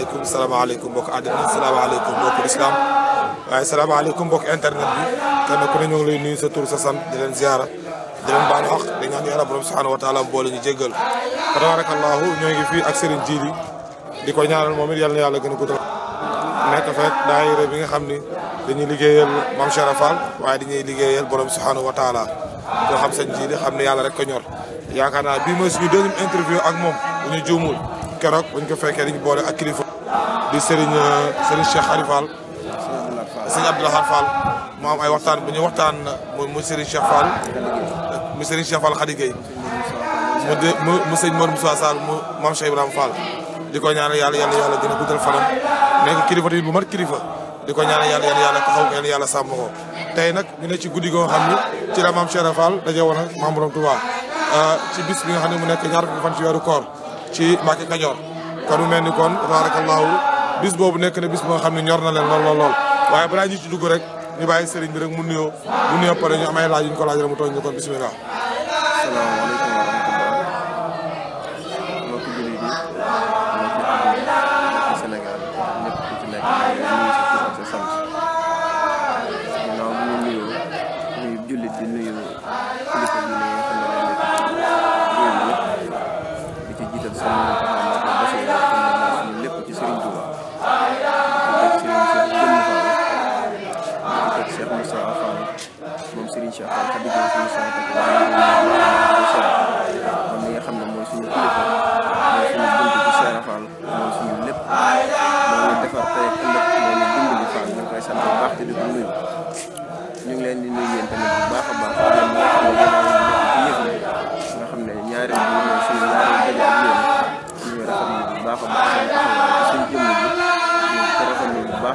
salaamaaleykum salaamaaleykum mbokk àddina salaamaaleykum mbokk islam waaye salaamaaleykum mbokk internet bi kenn ku ne ñu ngi lay nuyu sa tur sa sant di leen ziara di leen baal wax di ñaan yàlla borom subhanahu wa taala boole ñu jéggal tabarakallahu ñoo ngi fii ak Serigne Djily di ko ñaanal moom it yàlla na yàlla gën a guddal nekk fekk daayira bi nga xam ni dañuy liggéeyal Mame Cheikh Fall waaye dañuy liggéeyal borom subhanahu wa taala koo xam Serigne Djily xam ne yàlla rek ko ñor yaakaar naa bii mooy suñu deuxième interview ak moom bu ñu juumul keroog buñ ko fekkee di Serigne Serigne Cheikh Khary Fall. Serigne Abdou Lahad Fall mu am ay waxtaan bu ñuy waxtaan mu Serigne Cheikh Fall mu Serigne Cheikh Fall mu de mu mu sëñ Mor Moussa mu Mame Cheikh Ibrahima Fall di ko ñaanal yàlla yàlla yàlla gën a guddal fanam nekk kilifa tamit bu mat kilifa di ko ñaanal yàlla yàlla yàlla taxaw ko yàlla tey nag ñu ne ci guddi goo xam ne ci la Mame Cheikh Fall daje woon ak Mame euh, ci bis bi nga xam ne mu nekk ñaar fukki fan ci weeru koor ci Mbacké Kadior kon mu mel ni kon tabaarakallaahu bis boobu nekk ne bis boo xam ne ñor na leen lool lool lool waaye balaa ci dugg rek ñu bàyyi sëriñ bi rek mu nuyoo mu nuyoo pare ñu amay laaj ñu ko laaj rek mu tooñ ñu kon bisimilah.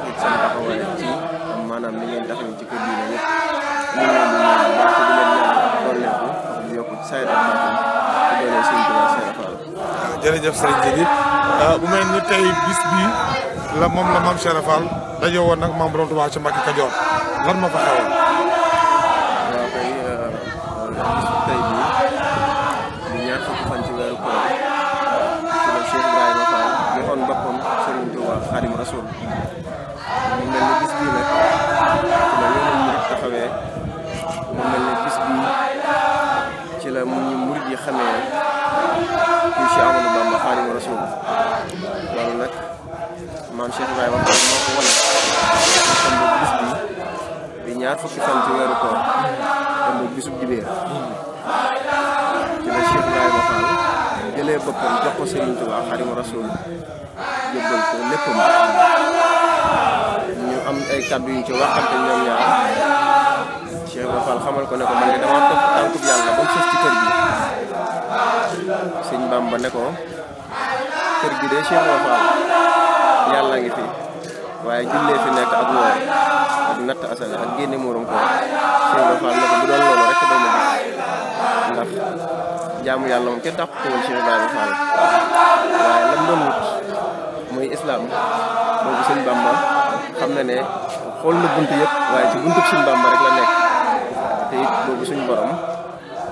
baax it seen taxawaay ci maanaam ni ngeen taxawee say dafa ah, ah, bu mel ni tey bis bi la moom la maam Cheikh daje woon nag maam Borom Tuubaa ci Mbàkke Kajoor lan ma fa xewoon Cheikh Amadou Bamba Xaadimu Rasuul loolu nag maam Cheikh Ibrahima Fall moo ko wane tombe bis bi di ñaar fukki fan ci weeru koor tombe bisub dibéer ci la Cheikh Ibrahima Fall jëlee boppam jox ko Serigne Touba Xaadimu Rasuul jébbal ko léppam ñu am ay kàddu yu ci waxante ñoom ñaar Cheikh Ibrahima Fall xamal ko ne ko man de dama topp tànkub yàlla ba mu sës ci kër gi sëñ Bamba ba ko kër gi de Cheikh Ibra Fall yàlla ngi fi waaye jullee fi nekk ak woor ak natt asaka ak génne muurum ko moom ko woon Cheikh Ibra Fall waaye lan doon wut muy islam boobu sëñ Bamba xam na ne xool na bunt yëpp waaye ci buntu sëñ Bamba rek la nekk te it boobu suñ borom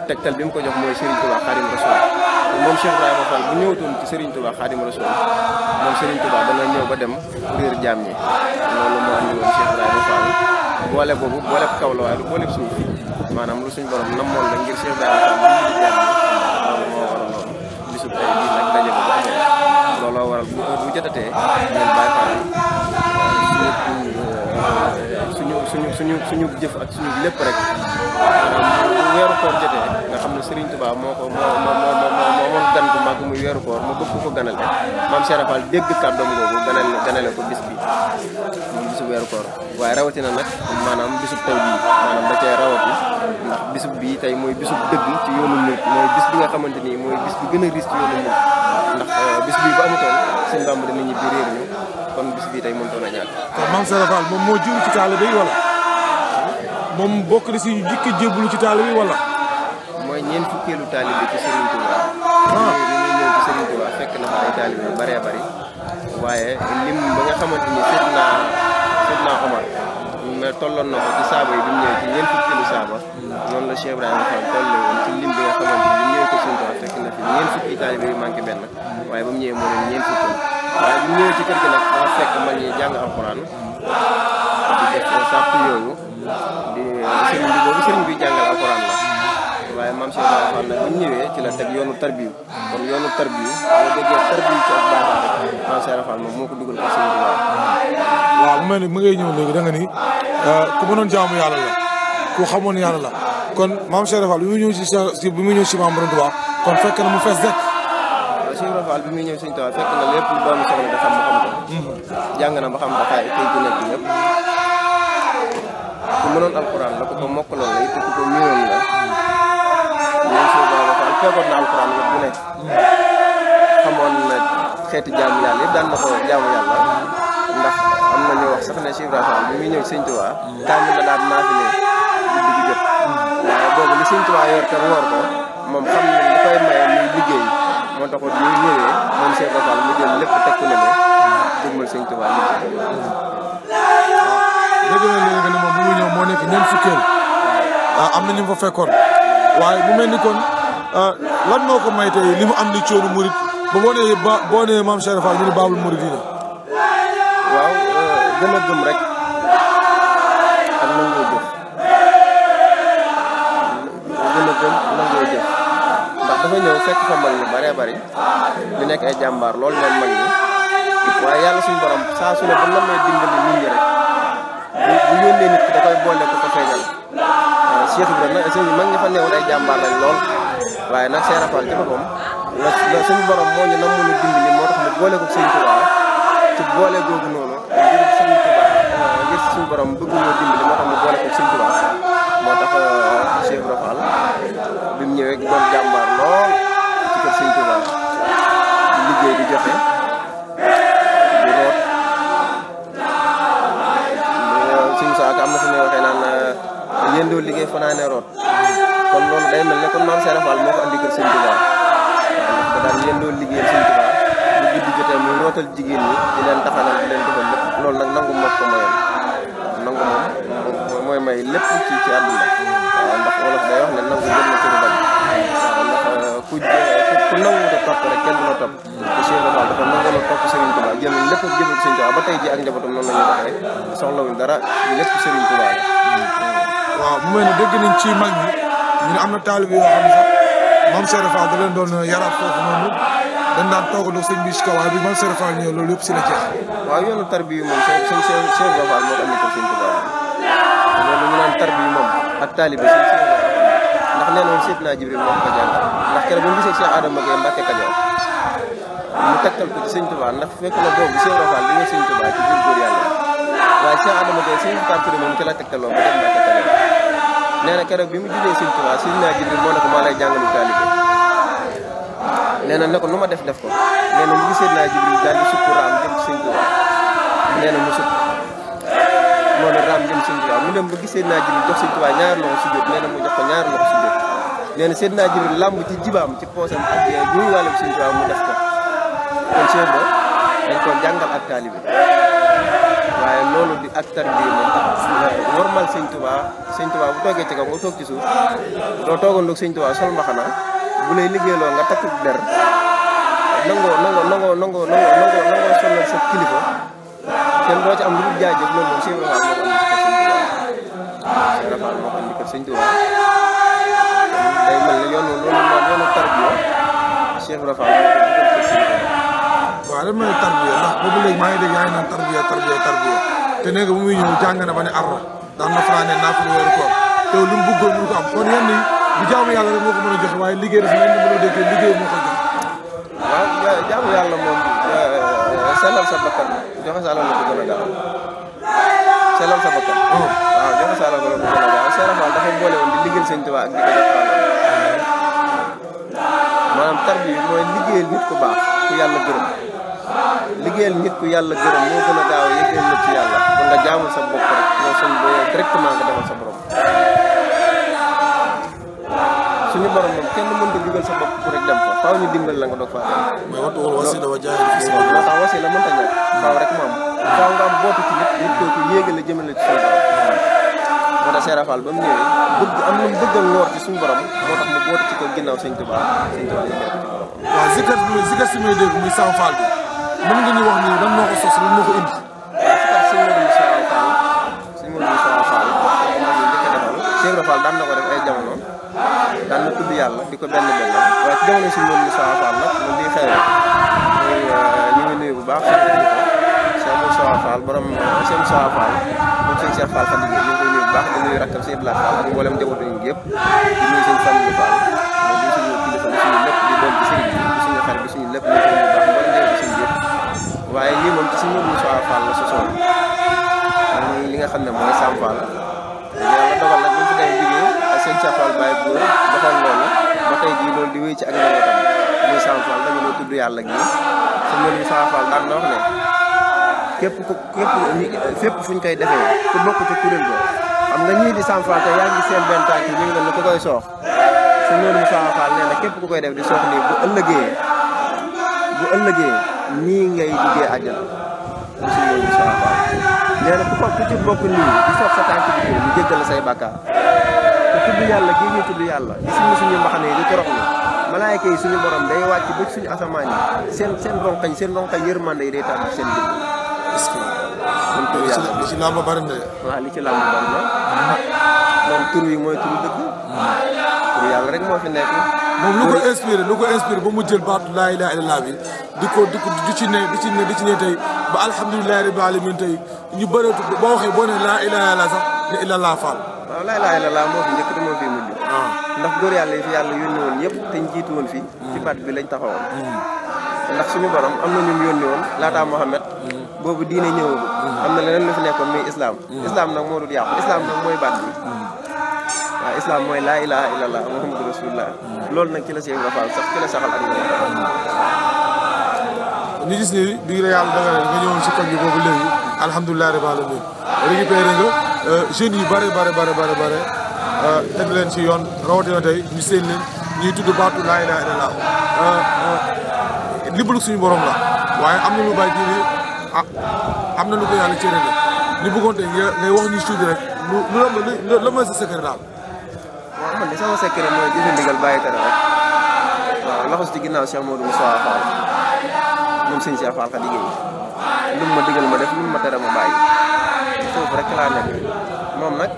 tegtal bi mu ko jox mooy Serigne Touba Xaadimu Rasuul moom Cheikh Ibrahima Fall bu ñëwatoon ci Serigne Touba Xaadimu Rasuul moom Serigne Touba dana ñëw ba dem bu jaam ñi loolu moo andi boobu booleb kaw la waaye du booleb suuf maanaam suñ borom namoon la ngir Cheikh Ibrahima Fall bu ñu jaam ñi loolu moo waral loolu bu amee looloo waral bu suñu jëf ak suñu lépp rek maanaam weeru koor jotee nga xam ne Serigne Touba moo ko moo moo moo moo gan bu mag muy weeru koor mu bëgg ko ganale maam ko bis bi muy bisu weeru koor waaye rawatina nag maanaam bisub taw maanaam da cee rawati ndax bisub bii tey mooy bisub dëgg ci yoonu murit mooy bis bi nga xamante ni mooy bis bi gën a risque yoonu murit ndax euh, bis bi bu amutoon seen bàmb dana ñibbi kon bis bii tey maam Cheikh moom moo jiw ci taalibe yi wala. moom bokk na si ñu njëkk ci taalibe bi mooy ñeent fukkeelu taalibe ci bi ñuy ñëw ci Serigne Touba fekk na fa ay waaye lim ba nga ni seet naa seet naa Omar mais tolloon na ko ci saaba yi bi mu ñëwee ci ñeent fukkeelu saaba noonu la Cheikh Ibrahima Fall tollee ci lim bi nga xamante ni ñëwee na fi ñeent fukki taalibe yu manqué benn waaye ba mu ñëwee moo doon ñeent fukki waaye bu ñëwee ci kër gi nag dafa fekk mag ñi jàng alxuraan di def sàpp yooyu sëriñ bi boobu bi jàngal alxuraan waaye maam Cheikh Ibrahima Fall la teg yoonu tarbiyu kon yoonu tarbiyu boo déggee tarbiyu ci moo ko dugal ko sëriñ bi waaw mu mel ni mu ngay ñëw léegi da nga ni ah, ku mënoon jaamu yàlla la ku xamoon yàlla la kon maam Cheikh Ibrahima Fall bi mu ñëw si mu ñëw si maam Borom kon fekk na mu fees dekk Cheikh Ibrahima bi muy ñëw sëriñ Tuubaa fekk na lépp lu doomu soxla ba xam ko mm-hmm. jàng na ba ku mënoon alxuraan la ku ko mokkaloon la it ku ko miinoon la ñoom ne xeeti jaamu yàlla yëpp daan na ko jaamu yàlla ndax am na ñoo wax sax ne Cheikh Ibrahima bi muy ñëw Sëñ Tuubaa kaamil ma daan naafile guddi gi jot waaye boobu li Sëñ Tuubaa yor te woor ko moom xam ne li koy maye muy liggéey moo taxoon ñu ñëwee mu jël dégg nga léegi ne moom bu muy ñëw moo nekk ñeent fukkeel ah, am na ñu fekkoon waaye mu mel ni kon ah, lan moo ko may tey li mu am ni coono murit ba boo nee ba boo nee maam Cheikh Fall ñu ne baabul murit yi la. waaw eh, gën a gëm rek ak nangoo jëf ndax dafa ñëw fekk fa mag ñi bëree nekk ay jàmbaar loolu ñoom mag ñi waaye yàlla suñu borom saa su ne ba may dimbali nit ñi bu yónnee nit ki da koy boole ko ko feeñal euh, Cheikh Ibrahima nag sëñ bi mag ñi fa neewul ay jàmbaar lañ lool waaye nag Cheikh Rafal ci boppam la suñu na moo ñu nam mën a moo tax mu boole ko si Touba ci boole googu noonu ngir sëñ Touba euh, ngir suñu borom bëgg ñoo dimbali moo tax mu boole ko sëñ Touba moo tax euh, Cheikh Rafal bi mu ñëwee doon jàmbaar lool ci kër sëñ Touba di liggéey di joxe suñu saako am na fu muy waxee naan euh, yendoo liggéey fanaane root kon loolu day mel ne kon maam Serigne Fall moo ko andi kër Sëñ Tuubaa waaw ko yendoo liggéey Sëñ Tuubaa bu guddi jotee jigéen ñi di leen taxanal di loolu nag nangu moo ko mayoon nangu moom mooy may lépp ci ci àdduna waaw ndax wolof day wax ne nangu gën na ci lu ku ku nangu te topp rek kenn du la topp te Cheikh Ibra Fall dafa nangu la topp Serigne Touba jël lépp jëmul Serigne Touba ba tey ji ak njabootam noonu la ñuy doxee soxlawul dara lépp Serigne Touba la waaw mu mel ne dégg nañ ci mag ñi ñu ne am na taalib yoo xam ne sax moom Cheikh Ibra Fall da leen doon yaraat foofu noonu dañ daan toogandoo sëñ bi si kaw waaye bi moom Cheikh Ibra Fall ñëw loolu yëpp si la jeex waaw yoonu tarbiyu moom sëñ sëñ Cheikh Ibra Fall moo ko andi ko Serigne Touba loolu ñu naan tarbiyu moom ak taalibe sëñ ndax nee nañu Seydina Jibril ko jàng ndax keroog bu ñu gisee Cheikh ko ci sëñ li nga sëñ Tuubaa ci biir góor yàlla waaye Cheikh Adama Gueye sëñ Tuubaa Touré moom ci la tegtaloo ba dem Mbacke Kajoor nee na keroog bi mu jugee sëñ Jibril moo ne ko maa lay jàngalu taalibe nee na ne ko nu ma def def ko nee na mu gisee Seydina Jibril daal di sukk raam jëm ci sëñ Tuubaa nee na mu sukk moo ne raam jëm sëñ Tuubaa mu dem naa Jibril jox sëñ Tuubaa ñaari loxo sujjóot nee na mu jox ko ñaari loxo sujjóot nee na seen naa Jibril làmb ci jibaam ci poosam ak juróom wàllum sëñ mu def ko kon seen ba dañ ko jàngal ak taalibe waaye loolu bi ak tarbiya moom normal sëñ Tuubaa bu toogee ci kaw nga toog ci suuf doo toogandoog sëñ Tuubaa sol mbaxana bu lay liggéeyloo nga takk der nangoo nangoo nangoo nangoo nangoo nangoo sonal sa kilifa kenn doo ci am lu dul jaajëf loolu moom Cheikh Ibrahima moo ko indi kër Sëñ Tuubaa day mel ne yoonu loolu yoonu tarbiya Cheikh Ibrahima waaw lan tarbiya tarbiya tarbiya tarbiya te bu muy ñëw ba ne arro daan na fanaane naa ko wéeru koor te lu mu bëggoon mënu ko am kon yenn yi bu jaamu yàlla rek moo ko mën a joxe waaye liggéey dafa ni mën a déggee liggéey moo ko sellal sa bakkan joxe sa alal la ko gën a gaaw sellal sa bakkan oh. waaw joxe sa alal la ko gën a gaaw Cheikh Rafal dafay boole woon di liggéeyal Sëñ Tuubaa ak di ko def maanaam tar bi mooy liggéeyal nit ku baax ku yàlla gërëm liggéeyal nit ku yàlla gërëm moo gën a gaaw yëggeel nit ci yàlla kon nga jaamul sa bopp rek moo sëñ boo directement nga demal sa borom suñu borom moom kenn mënta jugal sa bopp pour rek dem fa faaw ñu dimbal la nga doog a dem. mais waxtu wala wasila wa jaay fi si moo tax wasila mënta ñàkk faaw rek mu am faaw nga am bootu ci nit nit a Seera Fall ba mu ñëwee am lu mu bëggal ci suñu borom moo tax mu bootu ci ko ginnaaw sëñ Tuubaa sëñ Tuubaa yi si muy dégg muy Sam Fall bi mën nga ñu wax ni lan moo ko sos lan moo ko indi yàlla di ko benn benn waaye ci jamono si moom Moussa a nag mu di xewee ñu ngi nuyu bu baax sëñ Moussa Fall borom sëñ euh, Moussa Fall moom sëñ Cheikh Fall Fatick ñu ngi koy nuyu bu baax di nuyu rakkam sëñ Blac Fall ak mboolem njabootu ñu gépp la sosoon li nga xam ne mooy Sam Fall sëñ Cafal Baye Góor defal loolu ba tey jii loolu di wéy ci ak njabootam muy Sam Fall da nga doon tudd yàlla gi sëñ Maliou Sam Fall daan na wax ne képp ku képp fépp fu ñu koy defee ku bokk ci kuréel ga xam nga ñii di Sam Fall te yaa ngi seen benn tànk ñu ngi doon ku koy soox sëñ Maliou Sam Fall nee na képp ku koy def di soox lii bu ëllëgee bu ëllëgee nii ngay duggee àjjana mu sëñ Maliou Sam Fall nee na ku ko ku ci bokk nii di soox sa tànk bi ñu jéggal say bàkkaar te tudd yàlla gii ñuy tudd yàlla di suñu suñu mbaxane yi di torox ni malaayka yi suñu borom day wàcc ba suñu asamaan yi seen seen ronkañ seen ronkañ yërmande yi day tàmbali seen dugg. est-ce que moom tur yàlla li ci làmb bari na waaw li ci làmb bari na. moom tur yi mooy turu dëgg. tur yàlla rek moo fi nekk. moom lu ko inspiré lu ko inspiré ba mu jël baatu laa ilaaha illallaah bi di ko di ko di ci ne di ci ne di ci ne tey ba alhamdulilah rabbil alamin tey ñu bëreetul boo waxee boo nee laa ilaaha illallaah sax ne illallaah faal. waaw laa ilaaha illallaah moo fi njëkk te moo fi mujj. Ah. ndax góor yàlla yi fi yàlla yónni woon yëpp te ñu woon fii. ci baat hmm. bi lañ taxawoon. Hmm. ndax suñu borom am na ñu yónni woon laataa Muhammad hmm. boobu diine ñëwagul. am na leen la fi nekkoon muy islam. islam nag moo dul yàqu islam mooy baat bi. waaw islam mooy laa ilaaha illallaah muhammadu rasulullah loolu nag ci la Cheikh Ibra Fall sax ci la saxal ak ñu gis si koñ boobu léegi. alhamdulilah rabbil alamin récupéré nga euh, jeunes yi bare bare bare bare bare euh, teg leen ci yoon rawatina tey ñu seen leen ñuy tudd baatu laa ilaaha illallaah euh, liblu suñu borom la waaye am na lu bàyyi diine ah, am na lu ko yàlla cëral bëggoon tey ngay wax ñu tuuti rek lu lu la ma la ma daal. waaw man de sama secret mooy jëfe ndigal bàyyi tere rek waaw laxas ci ginnaaw Cheikh Modou Moussa lu mu ma digal ma def lu mu ma tere ma bàyyi foofu rek laa nekk moom nag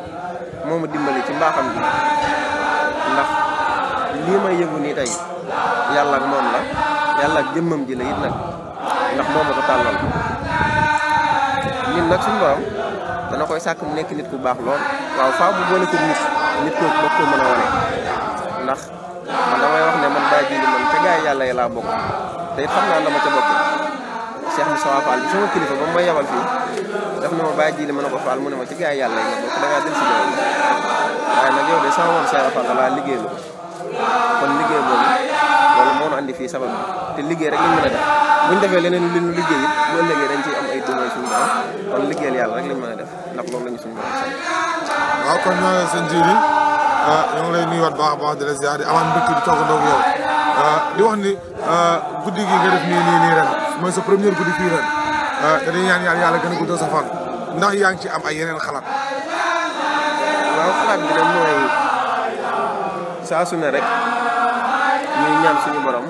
moo ma dimbali ci mbaaxam bi ndax lii may yëngu nii tey yàlla ak moom la yàlla ak jëmmam ji la nag ndax moo ma ko tàllal nit nag suñu borom dana koy sàkk mu nekk nit ku baax lool waaw faa bu boole ko nit nit kooku bokk ko mën a wane ndax man damay wax ne man bàyyi ji man ca gaay yàlla yi laa bokk te xam naa dama ca bokk Cheikh Moussa Fall bi sama kilifa ba mu ma yebal fii daf na ma bàyyi ji ma ne ko Fall mu ne ma ci gaa yàlla yi nga bokk da ngaa dem si jamono waaye nag yow de sama moom Cheikh Fall laa liggéey la kon liggéey boobu loolu fii sabab bi te liggéey rek lañ mën a def buñ defee leneen lu ñu liggéey it bu ëllëgee dañ ciy am ay dóomoy suñu borom kon liggéeyal yàlla rek lañ mën a def ndax loolu la ñu suñu borom sant waaw kon ñoo ngi seen jiir yi ah, ñoo ngi lay nuyuwaat baax a baax di la ziar ma amaan mbégte di toog ndoog yow ah, di wax ni ah, guddi gi mooy sa première guddi fii ren ah, te dañuy ñaan yàlla gën a guddal sa fan ndax yaa ci am ay yeneen xalaat. waaw xalaat bi nag mooy saa su ne rek ñuy ñaan suñu borom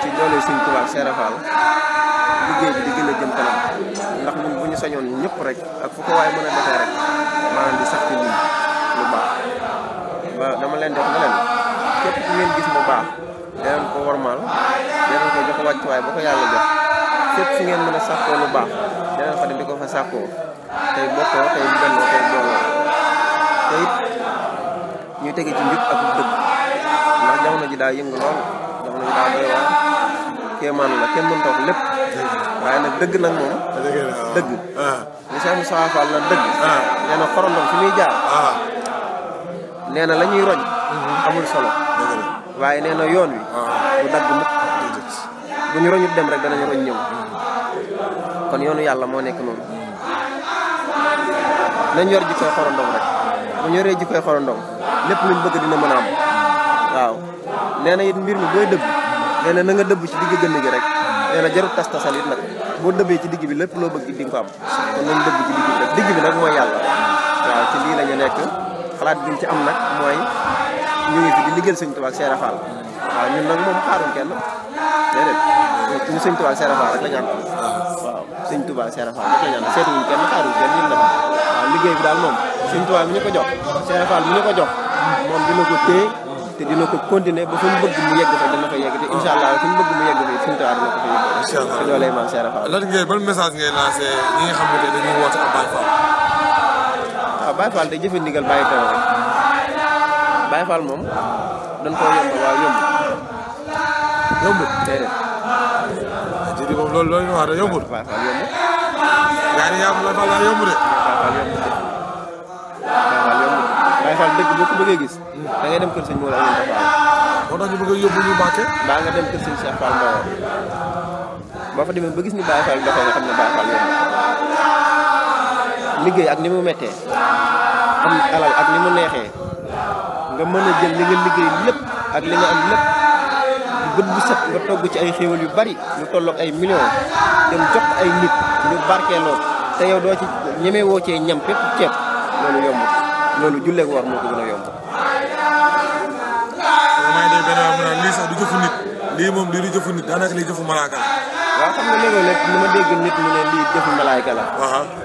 ci doole suñu tubaab seerafaal liggéey bi di gën a jëm ndax ñun bu ñu sañoon ñëpp rek ak fu ko waaye mën a defee rek maanaam di sax ci lii lu baax ba dama leen def leen képp ku ngeen gis mu baax danañ ko warmaal. wàccuwaay ba ko yàlla jox fépp fu ngeen mën a sàkkoo lu baax danañ fa dem di ko fa sàkkoo tey bokkoo tey bennoo tey ñu tege ci njub ak dëgg ndax jamono ji daa yëngu lool jamono ji daa doy lépp waaye nag dëgg nag moom dëgg na dëgg ah. ah. nee na xorondom fi muy jaar ah. nee na la ñuy roñ mhm. amul solo waaye nee na yoon wi bu dagg mukk bu ñu roñut dem rek danañu roñ ñëw kon yoonu yàlla moo nekk noonu nañ yor jikkoy xorondom rek bu ñu yoree jikkoy xorondom lépp luñ bëgg dina mën a am waaw nee na it mbir mi booy dëbb nee na nga dëbb ci digg gënn gi rek nee na jarut tas tasal it nag boo dëbbee ci digg bi lépp loo bëgg di nga ko am kon nañ dëbb ci digg bi rek digg bi nag mooy yàlla waaw ci lii la nekk xalaat biñ ci am nag mooy ñu ngi fi di liggéeyal Sëñ Tuubaa ak Seex waaw ñun nag moom xaaruñ kenn déedéet ñu sëñ Touba Serra Fall rek la ñaan waaw sëñ Touba Serra Fall rek la ñaan seetuñ kenn xaaruñ kenn ñun la waaw liggéey bi daal moom sëñ Touba bi ñu ko jox Serra Fall bi ñu ko jox moom dina ko téye te dina ko continuer ba fu mu bëgg mu yegg fa dina ko yegg te incha allah fu mu bëgg mu yegg fa sëñ Touba dina ko fa yegg incha allah te loolee maam Serra Fall lan ngay ban message ngay lancé ñi nga xam ne dañuy woote ak Baye Fall waaw ah, Baye Fall day jëfe ndigal bàyyi taw rek Baye Fall moom dañ koo yomb waaw yomb yombul. déedéet. waaw jiitu boobu loolu loolu ñu wax rek yombul. waaw waaw yombul. yaa ngi yàgg Baye Fall daal yombul de. Baye Fall dëgg boo ko bëggee gis. da ngay dem kër sëñ Mawla ak moo tax ñu bëgg a yóbbu ñu Mbàkke. mbaa nga dem kër sëñ Cheikh Fall Mbaor. boo fa demee ba gis ni Baye Fall doxee nga xam ne Baye Fall yombul. liggéey ak ni mu méttee. am alal ak ni mu neexee. nga mën a jël li nga liggéey lépp ak li nga am lépp. bët bu set nga togg ci ay xéewal yu bari lu tolloog ay millions dem jox ay nit ñu barkeeloo te yow doo ci ñeme woo cee ñam bépp ceeb loolu yomb loolu julleeg war moo ko gën a yomb. waaw maa ngi dégg benn waa lii sax du jëfu nit lii moom lii du jëfu nit daanaka lii jëfu malaaka waa xam nga léegoo nag ni ma dégg nit mu ne lii jëfu malaayka la.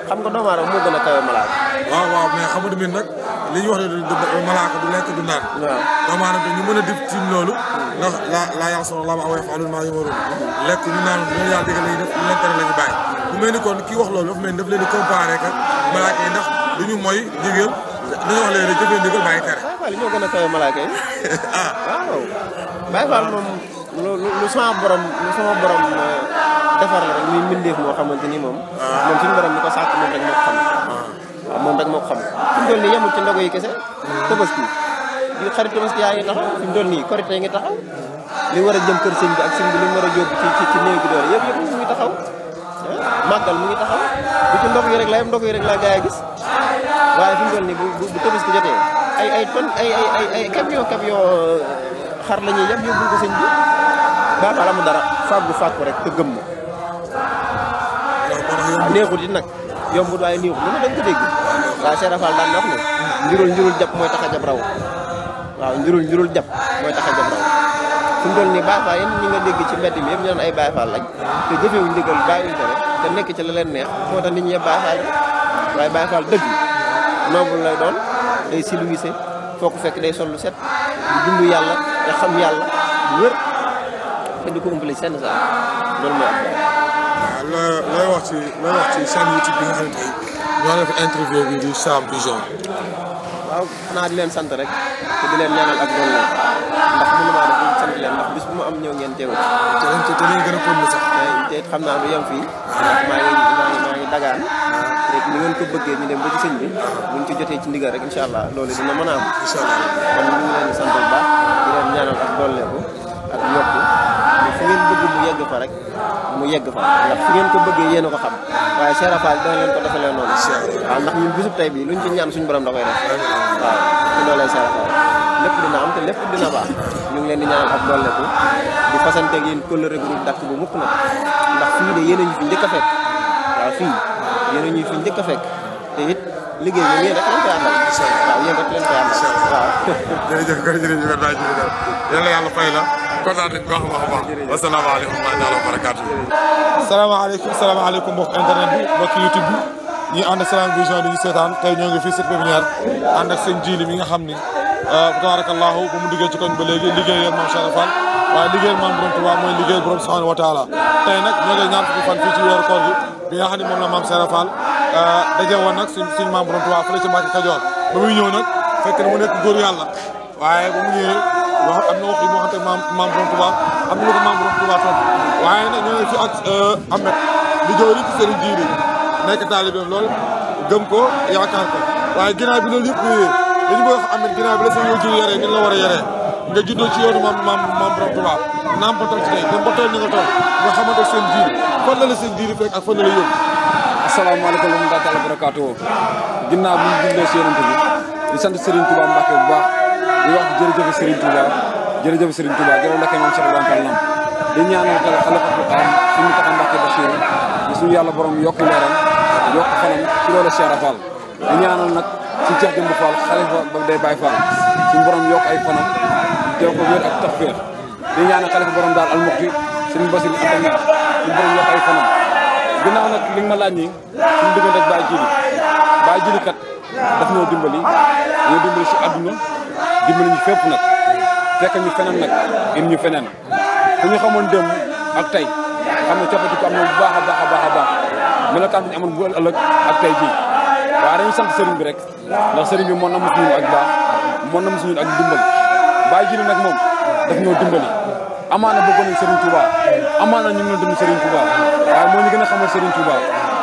xam nga doomu aadama a kawe malaayka. waaw waaw mais xam nga tamit nag li ñu wax ne du malaaka du lekk du naan. waaw doomu aadama ñu mën a dib ci la la ya'suuna llaaha maa yaf'aluuna maa yu'maruun lekk ñu naan loolu yàlla digal lu la ñu bàyyi. bu mel ni wax leen di comparé ak malaaka yi ndax du ñu mooy digal a ah. moom. lu lu sama borom lu sama borom euh, defar la rek muy mbindeef moo xamante ni moom. Ah. moom suñu borom ni ko sàkk moom rek moo ko xam. Ah. waaw moom rek moo ko xam. fi mu toll nii yemul ci ndogo yi kese. tabaski bi xarit tabaski yaa ngi taxaw fi mu toll nii korite ngi taxaw. li war a jëm kër sëñ bi ak sëñ bi li mu war a jóg ci ci ci néew bi doole yëpp yëpp mu ngi taxaw. Ah, màggal mu ngi taxaw bu ci ndox yi rek la yem ndox yi rek la gaa yi gis waaye fi mu toll nii bu bu bu tabaski jotee ay ay ton ay ay ay camion camion euh, xar la ñuy yem yóbbul ko sëñ bi. daal ma amu dara fàggu fàggu rek te gëm ma. waaw ah, neexul nag yombut waaye neexul lu ne da nga ko dégg waaw Cheikh raw waaw njurul njurul jàpp mooy tax a jab raw su mu toll Faal yéen ñi dégg ci mbedd mi yëpp ay Baay Faal lañ te jëfewuñ ko rek nekk ci la leen neex moo tax nit ñi Baay Faal rek waaye Baay Faal dëgg noobul lay doon day siluwise foo fekk day sol lu set di dund yàlla te xam yàlla wér te du ko umpale seen saa loolu mooy am. waaw loo looy wax ci looy wax ci seen YouTube def interview bi du Sam Vision. waaw xanaa di leen sant rek te di leen ñaanal ak doole ndax mënu maa def sant leen ndax bis bu ma am ñëw ngeen teew ci. te te dañu gën xam naa du yem fii. ndax maa ngi maa ngi maa ngi dagaan. ni ngeen ko bëggee ñu dem ba ci sëñ ci jotee ci ndigal rek incha allah loolu dina mën a am. incha allah kon ñu ngi leen di ñaanal ak doole ko ak yokku. fu ngeen bëgg mu yegg fa rek mu yegg fa ndax fu ngeen ko bëggee yéen a ko xam waaye Cheikh Rafal dana leen ko defalee noonu waaw ndax ñun bisub tey bi luñ ci ñaan suñu borom da koy def waaw ci doolee Cheikh Rafal am te lépp ñu ngi leen di ñaanal ak dooleeku di fasante ak yéen kóllëre gu dul dakk bu mukk nag ndax fii de yéen a ñu fi njëkk a fekk waaw fii yéen ñu fi njëkk a fekk te it liggéey bi yéen rek lañ koy àndal waaw yéen rek lañ koy àndal waaw jërëjëf kër jërëjëf yàlla yàlla fay la kontaan nañ baax a baax a baax. asalaamaaleykum wa rahmatulah wa barakaatu. salaamaaleykum salaamaaleykum mbokk internet bi mbokk YouTube bi ñi ànd ak Salam Vision di ñu seetaan tey ñoo ngi fii Cité Pépinière ànd ak seen jiili mi nga xam ni euh, tabaarakallaahu ba mu duggee ci koñ ba léegi liggéeyal Maam Cheikh Fall waaye liggéeyal Maam Borom Tuubaa mooy liggéeyal Borom subhaanahu wa taala tey nag ñoo ngi ñaar fukki fan fii ci weeru koor gi bi nga xam ne moom la Maam Cheikh Fall euh, daje woon nag suñ suñ Maam Borom Tuubaa fële ci Mbàkke Kajoor ba muy ñëw nag fekk na mu nekk góor yàlla waaye ba mu ñëwee wax am na wax yi moo xam te maam maam borom Touba am na lu ko maam waaye nag ñoo ngi fi euh, di jëw li ci sëriñ jiiri nekk taalibeem lool gëm ko yaakaar ko waaye ginnaaw bi loolu wax Ahmed ginnaaw bi la jiiri yaree ni la war a yaree nga juddoo ci yoonu maam maam maam borom Touba naam ba toll ci tey dem ba toll ni nga toll nga xamante seen jiiri fan la la seen jiiri fekk ak fan la la yóbbu asalaamaaleykum wa rahmatulah barakaatu ginnaaw bi ñu jullee si yonent bi di sant Serigne Touba Mbacke bu baax di wax jërëjëf Serigne Touba jërëjëf Serigne Touba jërëjëf Ndake moom Cheikh Ibrahima Fall di ñaanal tala xalifatul xaam suñu taxa Mbacke Bachir di suñu yàlla borom yokk leeram yokk xelam ci loolu Cheikh Fall di ñaanal nag ci Cheikh Jëmb Fall xalifa ba day Baye Fall suñu borom yokk ay fanam teew ko wér ak tawfeex di ñaanal xalifa borom daal almukti suñu Basir Abdou suñu borom yokk ay fanam ginnaaw nag li nga ma laaj nii suñu diggante ak Baye Jili Baye Jili kat daf ñoo dimbali ñoo dimbali si àdduna dimbali ñu fépp nag fekk ñu feneen nag in ñu feneen ku ñu xamoon dem ak tey am na coppite ko am na bu baax a baax a baax a baax melokaan bi ñu amoon bu ëllëg ak tey jii waaw dañu sant sëriñ bi rek ndax sëriñ bi moo namu suñu ak baax moo namu suñu ak dimbali bàyyi ji nag moom daf ñoo dimbali amaana bëggoon nañ Serigne Touba amaana ñu ngi doon dund Serigne Touba waaye moo ñu gën a xamal Serigne Touba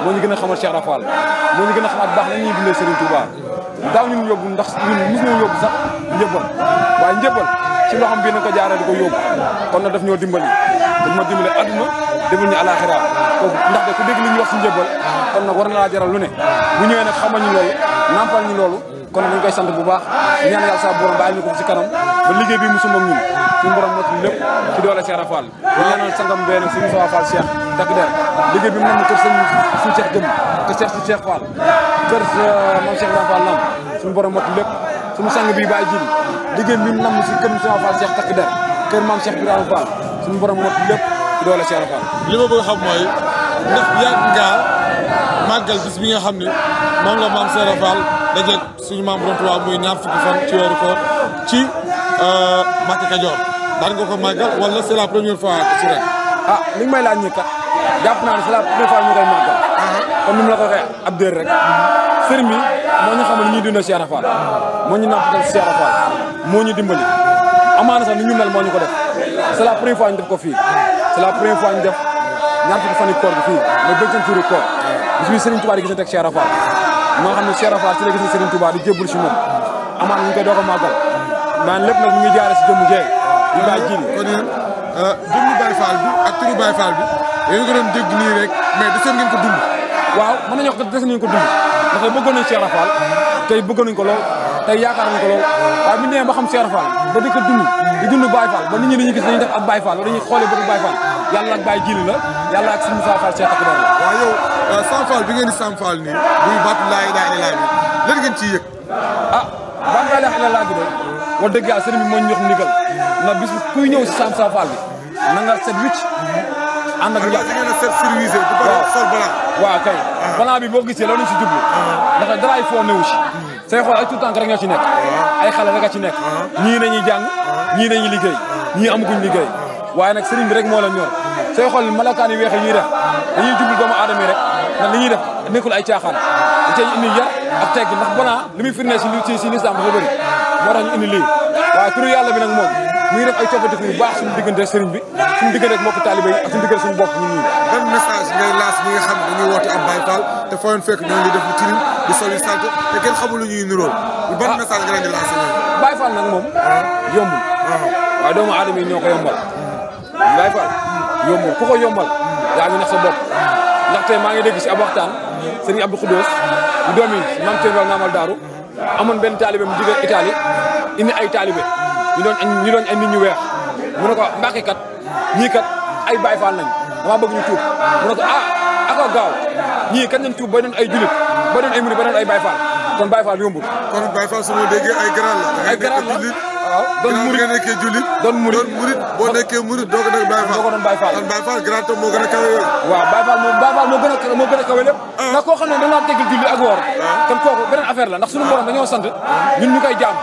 moo ñu gën a xamal Cheikh Rafal moo gën a xalaat baax na ñuy dundee Serigne Touba daaw ñun yóbbu ndax ñun mos nañu yóbbu sax njëbbal waaye njëbbal ci loo xam bii nañ ko jaaree di ko yóbbu kon nag daf ñoo dimbali daf ma dimbali adduna defal ñu alaxira kooku ndax de ku dégg li ñuy wax si njëbbal kon nag war na laa jaral lu ne bu ñëwee nag xamal ñu loolu nampal ñu loolu kon nañ koy sant bu baax ñaan yàlla sa borom bàyyi ñu si kanam ba liggéey bi mu sumb ak ñun suñu borom mot lépp ci doole Cheikh Rafal ñu ñaanal bi mu nam kër sëñ suñu Cheikh jëm kër Cheikh si Cheikh Fall kër euh, moom Cheikh Rafal borom mot lépp suñu sang bi bàyyi jili liggéey mu si kër suñu Fall Cheikh takk der kër maam Cheikh Birame Fall suñu borom mot ma bëgg xam mooy nga màggal bis bi nga xam ne moom la maam Cheikh Rafal dajeeg suñu membre trois muy ñaar fukki fan ci weeru koor ci euh, Mbacké Kadior daan nga ko màggal wala c'est la première fois ci ren. ah li may laaj ñi kat jàpp naa ne c'est la première fois ñu koy màggal. Uh-huh. comme ni mu la ko waxee ab dér rek. Uh-huh. sëriñ bi moo ñu xamal ñuy dund se Arafat moo ñu nàmpatal si Arafat moo ni ñu mel moo ñu ko def c'est la première fois ñu def ko fii c'est la première fois ñu def ñaar fukki fan yi koor bi fii le deuxième jour koor bis bi Sëriñ Tuubaa di gis na teg si Arafat moo xam ne Cheikh Rafa ci la gis Serigne Touba di jébbul si moom amaan ñu koy doog a ngi jaare si jëmm jee ma bàyyi ji kon yéen euh, jëmmu Baye Fall bi ak turu Baye Fall bi yéen ko doon dégg nii rek mais deseen ngeen ko dund waaw mën nañu wax deseen ngeen ko dund ndax bëggoon nañ Cheikh Rafa tey bëggoon nañ ko lool tey yaakaar nañ ko lool waaye bu ñu demee ba xam Cheikh Rafa ko dund di dund Baye Fall ba nit ñi dañuy gis dañuy def ab Baye Fall wala dañuy xoolee bëgg Baye Fall yàlla ak Baye Jili la yàlla ak suñu Moussa ak Ibrahima. waaw euh, bi ngeen di Sam Fall nii muy baatu laa ilaaha a bi lan ngeen ciy yëg. ah baatu laa ilaaha illallaah bi de wax dëgg yàlla sëriñ bi moo ñu jox ndigal na bis kuy ñëw si Sam Fall bi na set wicc ànd ak njàpp da set service ah. bi boo gisee loolu ñu si jublu ah. ndax dara ay foo newu si say xool ay tout temps ci nekk ah. ay xale rek a ci nekk ñii nañuy jàng ñii nañuy liggéey ñii amaguñ liggéey waaye nag sëriñ bi rek moo la ñor sooy xool malakaan yu weex yi ñuy def dañuy jublu doomu aadama yi rek ndax li ñuy def nekkul ay caaxaan da cay indi yar ak teggi ndax si si si lislam ñu bi nag moom mu ngi def ay coppatiku yu baax suñu diggante bi suñu diggante ak mbokk taaliba yi ak ne dañuy woote ab Baye Fall te lu tilim di sol yu salt te kenn xamul lu ñuy niróol ban ah. message nga leen di lancé Baye Fall nag moom ah. yombul ah. waaw doomu aadama ñoo ko yombal Baye Fall yombal ku ko yombal yaa ngi nax sa bopp ndaxte maa ngi dégg si ab waxtaan Serigne Abdou Khoudous bu doom yi maam Thierno naamal daaru amoon benn taalibe mu jóge Italie indi ay taalibe ñu doon ñu doon ay nit ñu weex mu ne ko Mbàkke kat ñii kat ay Baye Fall nañ dama bëgg ñu tuub mu ne ko ah ako gaaw ñii kan lañ tuub ba doon ay julit ba doon ay murid ba doon ay Baye Fall kon Baye Fall yombul kon Baye Fall su ma ay grand la ay grand la waaw doon murit nga nekkee murit boo nekkee murit doo ko nekk moo gën a kawe yooyu waaw Baye Fall moo gën a moo gën ah. ndax koo xam ne dañ laa tegal julli ak woor ah. kon kooku beneen affaire la ndax suñu borom dañoo sant ñun ñu koy jaam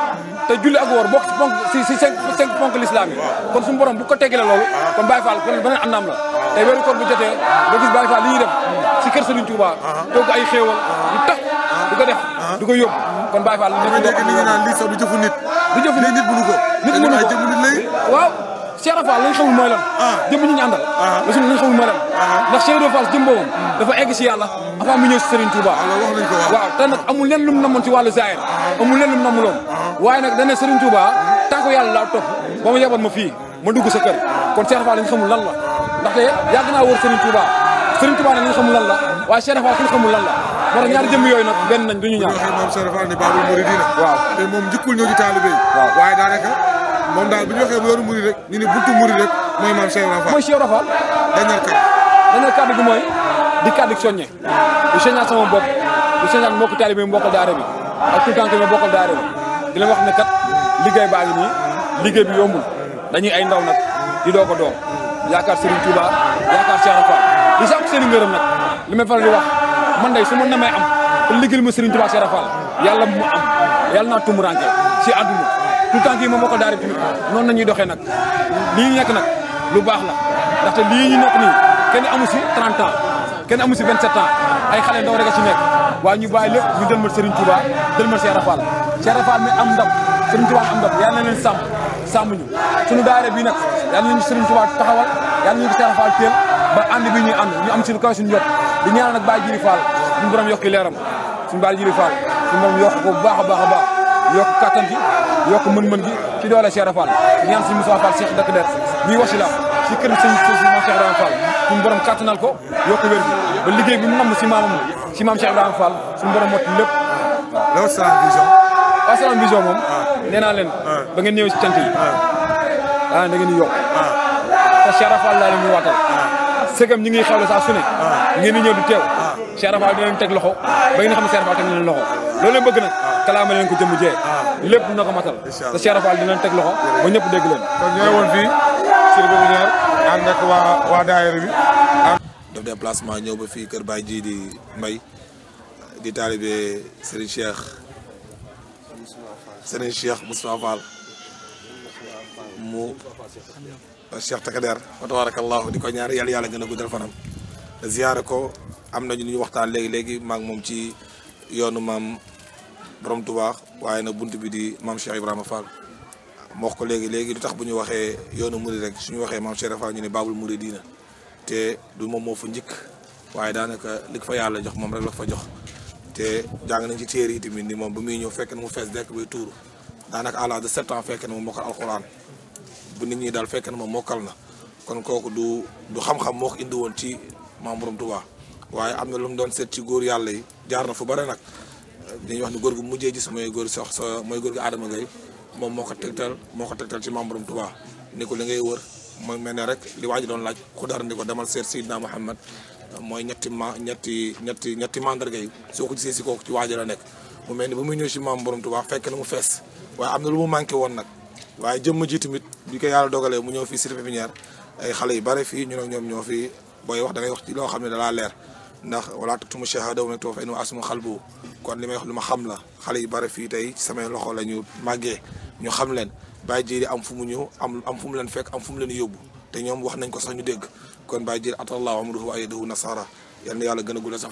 te julli ak woor bokk ci ponk si si cinq cinq ponk l'islam yi kon suñu borom bu ko teggee loolu ah. kon Baye Fall kon beneen anam la te weeru koor bu jotee nga gis Baye Fall li ñuy si kër Serigne Touba togg ay xéewal lu du ko def du ko kon Baye Fall. li ñu naan lii sax du jëfu nit. du jëfu nit nit mënu ko. nit mënu ko jëmu nit léegi. waaw Cheikh Fall li ñu xamul mooy lan. Ah. jëm ñu ñu àndal. mosul li ñu xamul mooy lan. Ah. ndax Cheikh Fall jëm boobu. dafa egg si yàlla. avant mu ñëw si Serigne Touba. Ah, waaw te nag waaye nag dañ ne Serigne Touba yàlla laa topp ma yebal ma fii ma dugg sa kër kon Cheikh Fall li ñu xamul lan la ndaxte yàgg naa wër Serigne Touba Serigne Touba nag li ñu xamul la waaye Cheikh Fall li ñu xamul moo tax ñaari jëmm yooyu nag benn nañ duñu ñaar waxee maam Cheikh Fall ne Babul Mouridina waaw te moom njëkkul ñoo ci taalibe yi waaw waaye daanaka moom daal bu ñu waxee bu yoonu murid rek ñu ne buntu murid rek mooy maam Cheikh Fall mooy Cheikh Fall dañal gi bi ak tout temps que ma di la wax ne kat liggéey baa ngi nii liggéey bi yombul dañuy ay ndaw nag di doog a doog yaakaar Serigne Touba yaakaar Cheikh di sàkku seen ngërëm nag li may faral di wax man day su ma namee am liggéeyal ma Serigne Touba Serap Fall yàlla mu am yàlla naa tumuranke si àdduna tout temps kii moom moo ko daari tamit noonu la ñuy doxee nag lii ñu nekk nag lu baax la ndaxte lii ñu nekk nii kenn amu si 30 ans kenn amu si 27 ans ay xale ndaw rek a si nekk waaye ñu bàyyi lépp ñu dëlmal Serigne Touba dëlmal Serap Fall Serap Fall mi am ndam Serigne Touba am ndam yàlla na leen sàmm sàmm ñu suñu teel ba ànd bi ñu am si lu di ñaanal nag Baye Djili Fall suñu borom leeram suñu Baye Djili Fall suñu borom yokk ko bu baax a a baax yokk kattan gi yokk mën-mën gi ci doole Cheikh Fall di ñaan suñu Moussa Fall Cheikh dëkk der bii wasila si kër si maam bi ba si maamam si maam Cheikh Ibrahima Fall suñu borom mot lépp loolu Salam Vision ah, Salam Vision moom ah. nee naa leen ah. ba ngeen si cant da ngeen di yokk te Cheikh Fall laa ngeen di ñëw di teew Cheikh Ibra Fall teg loxo ba ngeen xam ne Cheikh Ibra loxo loolu bëgg nag kalaama leen ko jëm jee lépp na ko matal te al Ibra Fall dina leen teg loxo ba ñëpp dégg leen kon ñooy woon fii Cité Pépinière ànd waa waa def déplacement ñëw ba fii kër Baye ji di Mbaye di taalibe Serigne Cheikh Serigne Cheikh Moustapha Fall mu Cheikh Takader fa tabaarakallahu di ko ñaari yàlla yàlla gën a guddal fanam ziyaare ko am na ñu waxtaan léegi léegi maak moom ci yoonu maam borom Tuubaa waaye nag bunt bi di maam Cheikh Ibrahima Fall moo ko léegi léegi lu tax bu ñu waxee yoonu murid rek suñu waxee maam Cheikh Fall ñu ne baabul murid diina te du moom moo fa njëkk waaye daanaka li ko fa yàlla jox moom rek la fa jox te jàng nañ ci téere yi tamit ni moom ba muy ñëw fekk na mu fees dekk bay tuuru daanaka à l'âge de sept ans fekk na mu mokkal alxuraan bu nit ñi daal fekk na ma mokkal na kon kooku du du xam-xam moo ci maam borom Tuubaa waaye am na lu mu doon seet ci góor yàlla yi jaar na fu bare nag dañuy wax ne góor gu mujjee gis mooy góor sox mooy góor gi Adama Gaye moom moo ko tegtal moo ko tegtal ci maam borom Tuubaa ko li ngay wër mooy mel ne rek li waa ji doon laaj ku dara ni ko demal seet Seydina Muhammad mooy ñetti ma ñetti ñetti ñetti mandarga soo ko gisee si kooku ci waa la nekk mu mel ni bu muy ñëw si maam borom Tuubaa fekk na mu fees waaye am na lu mu manqué woon nag waaye jëmm ji tamit bi ko yàlla dogalee mu ñëw fii Cité Pépinière ay xale yu bare fii ñun ñoom ñoo fi booy wax da wax ci loo xam ne dalaa leer ndax wala taktumu shahada wa nekk fa innahu asmu xalbu kon li may wax lu ma xam la xale yu bari fii tey ci samay loxo la ñu màggee ñu xam leen bàyyi jiiri am fu mu ñëw am am fu mu leen fekk am fu mu leen yóbbu te ñoom wax nañ ko sax ñu dégg kon bàyyi jiiri atallahu amruhu wa ayadahu nasara yal na yàlla gën a guddal sa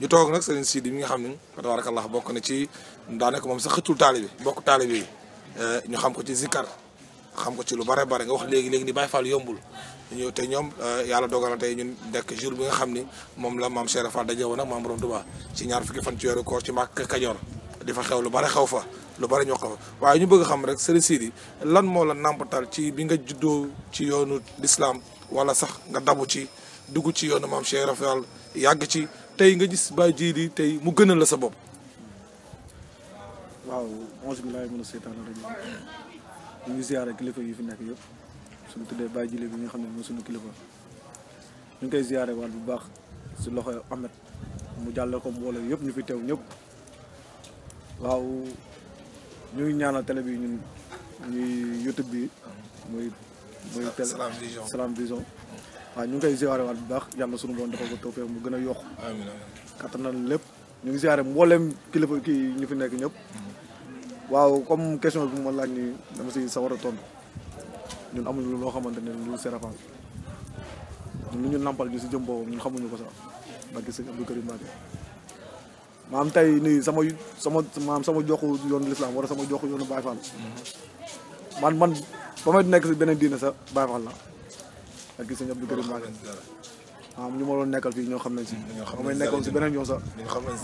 ñu toog nag sëriñ Sidi mi nga xam ne fa tabarakallah bokk na ci daanaka moom sax xëccul taalibi bokk taalibi yi eh, ñu xam ko ci zikkar xam ko ci lu bare bare nga wax léegi léegi ni Baay Faal yombul ñu te ñoom euh, yàlla dogal na tey ñun nekk jour bi nga xam ni moom la maam Cheikh Fall daje woon ak maam Borom Touba ci ñaar fukki fan ci weeru koor ci Mbàkke Kajoor di fa xew lu bare xew fa lu bare ñoo xew fa waaye ñu bëgg xam rek Serigne Sidi lan moo la nàmpatal ci bi nga juddoo ci yoonu lislaam wala sax nga dabu ci dugg ci yoonu maam Cheikh Fall yàgg ci tey nga gis ba jiir Djily tey mu gënal la sa bopp. waaw. ñu ngi ziare kilifa yi fi nekk yëpp. suñu tuddee bàyyi jile bi nga xam ne mooy suñu kilifa ñu ngi koy ziyaare waat bu baax si loxo Ahmed mu jàll ko mbooloo yëpp ñu fi teew ñëpp waaw ñu ngi ñaanal télé bi ñun bi muy muy télé Salam Vision ñu ngi koy ziyaare waat bu baax yàlla suñu boon dafa ko mu gën a yokk kattanal lépp ñu ngi ziyaare mbooleem kilifa kii ñu fi nekk ñëpp mm-hmm. waaw comme question bi mu ma laaj ni dama si sawar a tontu ñun amuñu loo xamante ne lu Serap ñun lu ñu nampal ñu si jëm boobu ñun xamuñu ko sax barke sëñ Abdou Karim Mbacké maam tey nii sama sama maam sama joxu yoonu lislaam wala sama joxu yoonu Baay Faal mhm. man man ba may nekk si beneen diine sa Baay Faal la barke sëñ Abdou Karim Mbacké maam ñu ma doon nekkal fii ñoo xam nañ si ba may nekkoon si beneen yoon sax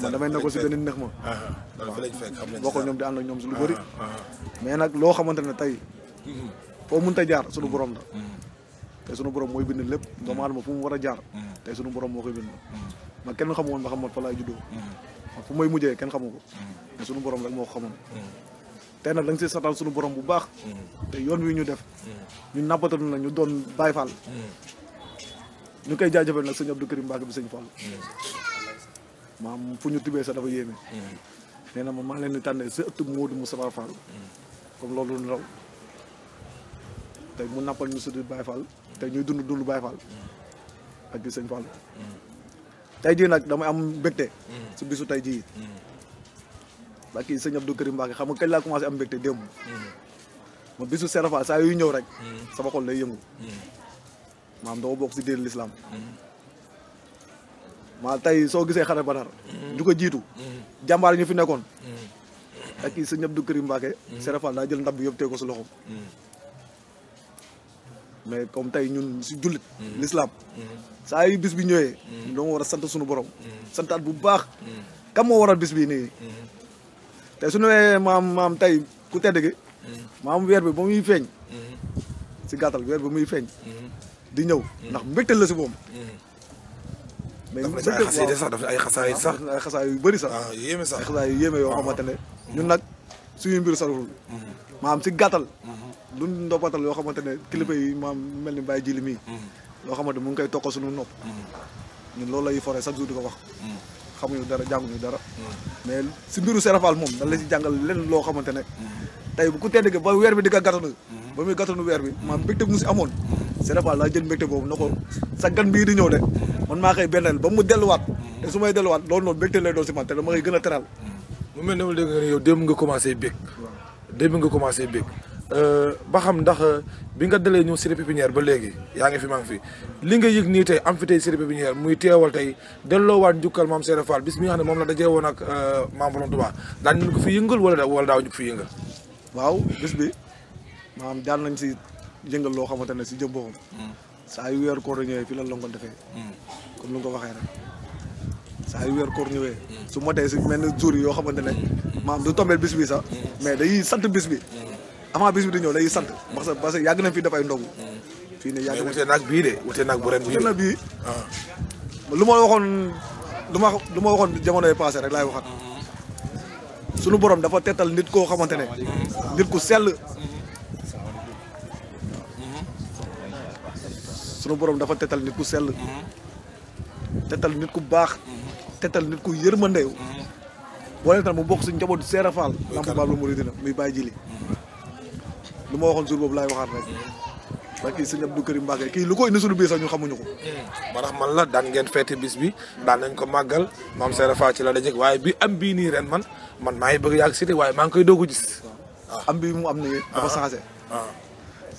man damay nekkoon si beneen neex ma waaw bokk ñoom di ànd ak ñoom si lu bëri mais nag loo xamante ne tey mhm. foo mënta jaar sunu mm. borom la mm. te sunu borom mooy bind lépp mm. doomu ma fu mu war a jaar te sunu borom moo koy bind ma kenn xamu woon ba xam man fa laay juddoo fu may mujjee kenn xamu ko te borom rek moo xamoon tey nag da nga si satal sunu borom bu baax te yoon wi ñu def ñu nàppatatu na ñu doon Baay Faal ñu koy jaajëfal nag sëñ Abdou Karim Mbacke bi sëñ Fall maam fu ñu tubee sa dafa yéeme nee na ma maa leen di tànnee sa ëttub mu Moustapha Fall comme loolu raw tey mu nàmpal ñu sudu Baye Fall tey ñuy dund dund Baye Fall ak di sëñ Fall tey jii nag damay am mbégte si bisu tey jii ba kii sëñ du Karim Mbacke xam nga kañ laa am mbégte démb ma bisu Serap Fall rek sama xol lay yëngu maam dama bokk si diine l'islam maa tey soo gisee xare badar du ko jiitu jàmbaar ñu fi nekkoon ak kii sëñ Abdou Karim Mbacke Serap Fall daa jël ndab bi yëpp teg ko si loxom mais comme tey ñun si jullit mm-hmm. l'islam mm-hmm. saa yu bis bi ñëwee ñu mm-hmm. doon war a sant suñu borom santaat bu baax kam moo waral bis bi nii tey su ñëwee maam maam tey ku tedd gi maam weer bi ba muy feeñ si gàttal weer bi muy feeñ di ñëw ndax mbégte la si moom mais sax daf ay xasaay ah, sax ay xasaay yu bëri ah, sax ay xasaay yu yéeme yoo ah, xamante ne ñun nag suñu mbir sarul maam si gàttal lu du ndobatal yoo xamante ne kilifa yi maam mel ni Baye Jili mii yoo mm-hmm. xamante mu ngi koy tokka suñu nopp mm-hmm. ñun loolu lay foree chaque jour di ko wax mm-hmm. xamuñu dara jànguñu dara mais si mbiru serafal moom dañ la si jàngal leen loo xamante ne tey bu ku tedd ki ba weer bi di ko gàttanu ba muy gàttanu weer bi maam mbégte amoon serafal daa jël mbégte boobu na ko sa gan bii di ñëw de man maa koy bennal ba mu delluwaat te su may delluwaat loolu noonu mbégte lay doon si man te dama koy gën a teral mu mel ne ma dégg nga ne yow démb nga commencé bég commencé bég Euh, ba xam ndax euh, bi nga dalee ñëw bi Pépinière ba léegi yaa ngi fi maa fi li nga yëg nii tey am fi tey bi Pépinière muy teewal tey delloowaat njukkal maam Serigne Fall bis mi nga la dajee woon ak euh, maam Borom Touba daan ko fi yëngal wala wala daaw ñu ko fi waaw bis bi maam daan nañ si yëngal loo xamante ne si jëm boppam hmm. saa yu weer koor ñëwee fi lan la ko defee hmm. comme lu nga ko waxee rek saa yu weer koor ñëwee hmm. su motee si mel ne jour yoo xamante ne maam du tombeel bis bi sax mais dañuy sant bis bi avant bis bi di ñëw lay sant parce que parce que yàgg nañ fi def ay ndogu fii ne yàgg na wute naag bii de wute naag bu ren ah. lu ma waxoon lu ma lu ma waxoon jamonoy passé rek laay waxat sunu boroom dafa tetal nit koo xamante ne nit ku sell suñu borom dafa tettal nit ku sell tettal nit ku baax tetal nit ku yërmandew boo leen tam mu bokk suñ njaboot Seera Faal lamp Baabul Muridiina muy Baay lu ma waxoon jour boobu laay waxaat rek ba kii sëñ Abdou Karim Mbacke kii lu ko indi suñu biir sax ñun xamuñu ko ba tax la daan ngeen feeti bis bi daan nañ ko maggal maam seera fa ci la dajeg waaye bi am bii nii ren man man maa ngi bëgg yàgg cité waaye maa ngi koy doog a gis am bi mu am ni dafa ah. Ah.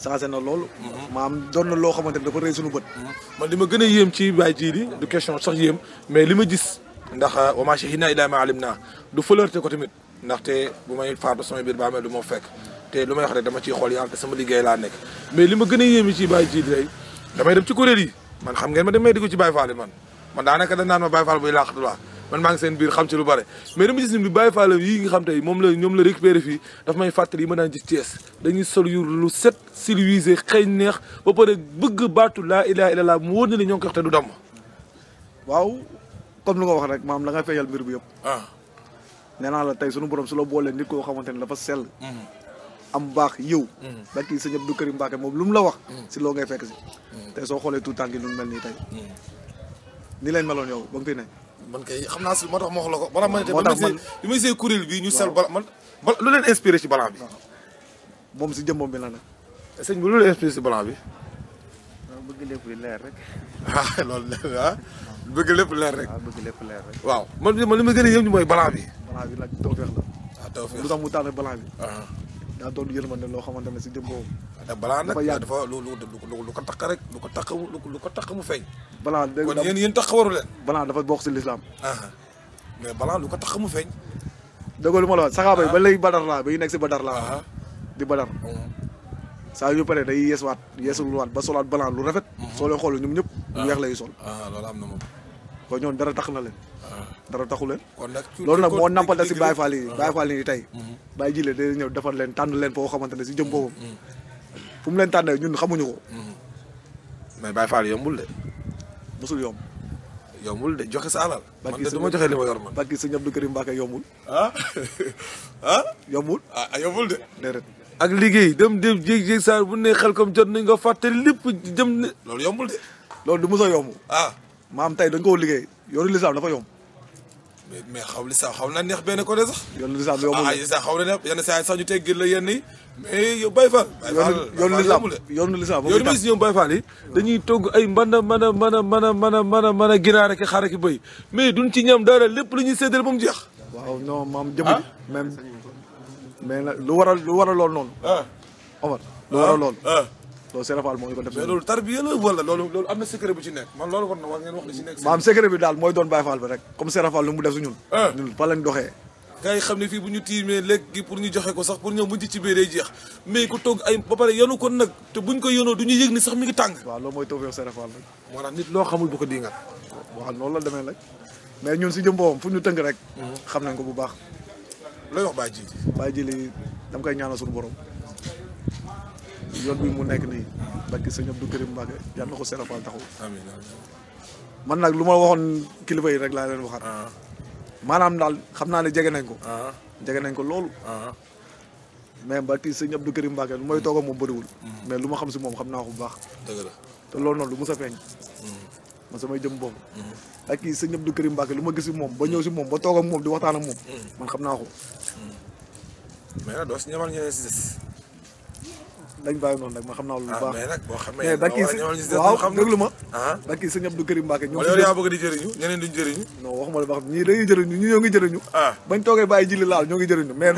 changé na lool mhm. maam doon na loo xamante ne dafa rëy suñu bët mhm. ma li ma gën a yéem ci bàyyi jii du question sax yéem mais li ma gis ndax euh, wa maa shahidnaa illaa maa alimnaa du flirté ko tamit ndaxte bu may faatu sama biir baa mel du moo fekk te lu may wax rek dama ciy xool yàlla te sama liggéey laa nekk mais li ma gën a yéemi ci bàyyi ji day damay dem ci kuréel yi man xam ngeen ma damay dugg ci Baye Fall man man daanaka dañ naan ma Baye Fall buy laaxatu laa man maa ngi seen biir xam ci lu bare mais dama gis ni bi Baye Fall yi nga xam tey moom la ñoom la récupéré fii daf may fàttali yi ma daan gis Thiès dañuy sol yu lu set civilisé xëy neex ba pare bëgg baatu laa ilaha illallah mu wóor na ni ñoo ngi koy wax te du damm waaw comme li nga wax rek maam la nga feeñal mbir bi yëpp ah. nee naa la tey sunu borom su la boolee xamante ne dafa sell mm-hmm. am baax yiw mm. barki sëñ Abdou Karim Mbacké moom lu mu la wax mm. si loo ngay fekk si mm. te soo xoolee tout temps gi lu mel nii tey ni leen meloon yow ba nga fi ne man xam naa si moo tax ma la ko balaa ma ne bi ma gisee kuréel bii ñu sel bala man lu leen inspiré si balaa bi moom si jëmmam bi la nag sëñ bi lu leen inspiré si balaa leer rek ah loolu leer ah lépp leer rek bëgg lépp leer waaw man ma gën a yëm ñu mooy balaa bi balaa bi nag tawfeex la ah, mu tànn balaa bi ah. daa doon yërmande loo xamante ne si jëm boobu. balaa nag dafa lu lu lu ko taq rek lu ko taq lu ko taq mu feeñ. balaa léegi kon yéen yéen taq waru balaa dafa bokk si lislaam. Ah, mais balaa lu ko taq mu feeñ. dëgg lu ma la wax yi ah. ba léegi badar laa ba ñu nekk si badar laa. Ah. di badar. Oh. saa yu pare day yeesuwaat yeesuwaat ba solaat balaa lu rafet. Mm-hmm. soo leen xool ñoom ñëpp. waaw lu weex lay sol. waaw loolu am na moom. kon ñoom dara tax na leen. dara taxu kon nag loolu nag moo nampal si Baye Fall yi Baye Fall yi tey mm-hmm. Baye Jile day ñëw defar leen tànn leen foo xamante ne si jëm boppam mm-hmm. fu mu leen tànnee ñun xamuñu ko mm-hmm. mais Baye Fall yombul de mosul yomb yombul de joxe sa alal man de du ma joxe li ma yor man barki sëñ Abdou Karim Mbacke ah? ah? yombul ah ah yombul de déedéet ak liggéey dem dem jéeg-jéeg saa ne xel comme jot nañ nga fàtte lépp jëm ne loolu yombul loolu du mos a yomb ah maam tey dañ koo liggéey yoonu lislaam dafa yomb mais xaw li sax xaw na neex benn côté sax. yoonu lislaam yombul ah sax xaw na neex yenn saa yi sax ñu teggil la yenn yi mais yow Baye Fall. yoonu lislaam yoonu lislaam yoonu lislaam yow Baye Fall yi. dañuy togg ay mën a mën a mën a mën a mën a mën a mën a ginaar ak xar ak bëy mais duñ ci ñam dara lépp lu ñuy séddale ba mu jeex. waaw non maam jëmm ah? ji. même mais nag lu waral lu waral lool noonu. Ah. Omar lu waral lool. Ah. loolu Serap Fall moo ñu ko def. mais loolu tarbiya la wala loolu am na secret bu ci nekk man loolu war na war ngeen wax li ci nekk. maam secret bi daal mooy doon Baye Fall bi rek comme Serap Fall lu mu def si ñun. Ah. ñun fa doxee. gars xam ne fii bu ñu tiimee lekk gi pour ñu joxe ko sax pour ñoom buñ ci ci biir jeex mais ku togg ay ba pare yenu ko nag te buñ ko yenoo du ñu yëg ni sax mi ngi tàng. waaw loolu mooy tawfeex Serap Fall rek. moo nit loo xamul bu ko diingal. waaw noonu la demee nag mais ñun si jëm boobam fu ñu tënk rek. Mhm. xam nañ ko bu baax. looy wax Baye Djily. Baye Djily dama koy ñaanal suñu borom yoon bi mu nekk nii barki sëñ Abdou Karim Mbacke yàlla na ko Serigne a taxaw. amiin man nag lu ma waxoon kilifa yi rek laa leen waxaat. Ah. maanaam daal xam naa ne jege nañ ko. Ah. jege nañ ko loolu. Ah. mais barki sëñ Abdou Karim Mbacke lu may toog moom bëriwul. Mm-hmm. mais lu xam si moom xam naa bu baax. dëgg la loolu noonu lu mus a feeñ. Mm-hmm. jëm boobu. Mm-hmm. kii sëñ du Karim Mbacke lu ma gis moom ba ñëw si moom ba toog ak moom di waxtaan ak moom. man xam naa ko. mais nag doo si ñamal si des. dañ bàyyi noonu rek ma xam naa lu ah, baax mais nag boo xamee ma bakki ah. sëñ Abdou Karim ba xam ñii dañuy jëriñu ñi ñoo ngi jëriñu ah. bañ toogee bàyyi jili laal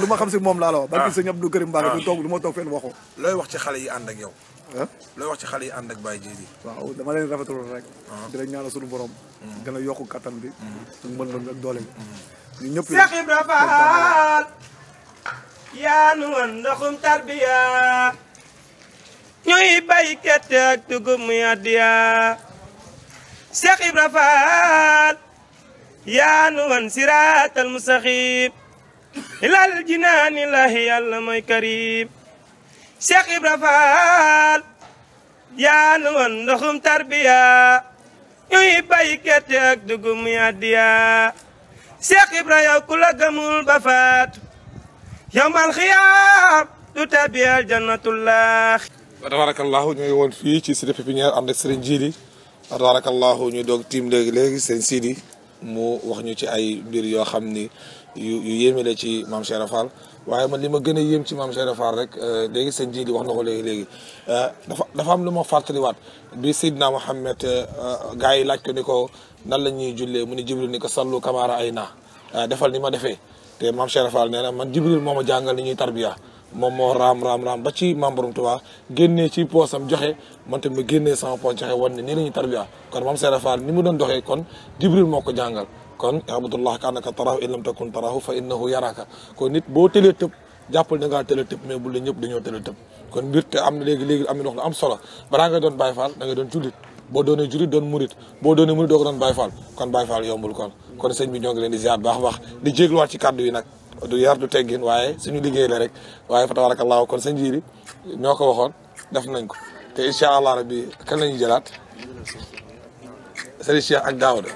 lu ma xam si moom laa la wax bakki sëñ Abdou Karim Mbacke du toog lu ma toog fenn waxoo looy wax ci xale yi ànd ak yow ah looy wax ci xale yi ànd ak Baye Djily waaw dama leen rafetul rek di leen ñaanal suñu borom hmm. a yokku kattan bi ak hmm. mën mën ak doole bi hmm. ñu ñëpp Cheikh Ibra Fall yaa nu woon ndoxum tarbiya ñuy bay gerte ak dugub muy addiya Seex Faal yaa nu wan siraatal mustaqiim ilal jinaani lahi yàlla mooy kariim Seex Ibra Faal yaa nu wan ndoxum tarbiya ñuy bay gerte ak dugub muy addiya Seex Ibra yow ku la gëmul ba faat yawmal xiyaam du tabiyal jannatullaah fa tabarakallahu ñu ngi woon fii ci cité pépinière ànd ak sëriñ Jiili fa tabarakallahu ñuy doog tiim léegi léegi sëriñ Sidi mu wax ñu ci ay mbir yoo xam ni yu yu ci maam Cheikh Rafal waaye man li ma gën a yéem ci maam Cheikh Rafal euh, léegi sëriñ Jiili wax na ko léegi léegi euh, dafa dafa am lu ma fàttaliwaat bi Seydina Mohamed euh, gars yi laaj ko ni ko nan la ñuy jullee mu ni Jibril ni ko sallu kamaara ay na defal ni ma defee te maam Cheikh Rafal nee man Jibril moom ma jàngal ni ñuy tarbiya moom moo raam raam raam ba ci membre am Tuubaa génnee ci poosam joxe man tamit ma génnee sama poos joxe wan ne nii la ñuy tarbiya kon moom Sëriñ Faal ni mu doon doxee kon Jibril moo ko jàngal kon abdullah ka annaka taraahu in lam takun taraahu fa innahu yaraka kon nit boo tëlee tëb jàppal da ngaa tëlee tëb mais bu la ñëpp dañoo tëlee tëb kon mbir te am na léegi léegi am na loo xam am solo balaa nga doon Baay Faal da nga doon jullit boo doonee jullit doon murit boo doonee murit doo ko doon Baay Faal kon Baay Faal yombul kon kon sëñ bi ñoo ngi leen di baax baax di jégluwaat ci kàddu yi nag du yar du teggin waaye suñu liggéey la rek waaye fa tabaarakallaahu kon sa njiiri ñoo ko waxoon def nañ ko te incha allah rabbi kan la ñuy jëlaat sëriñ Cheikh ak Daouda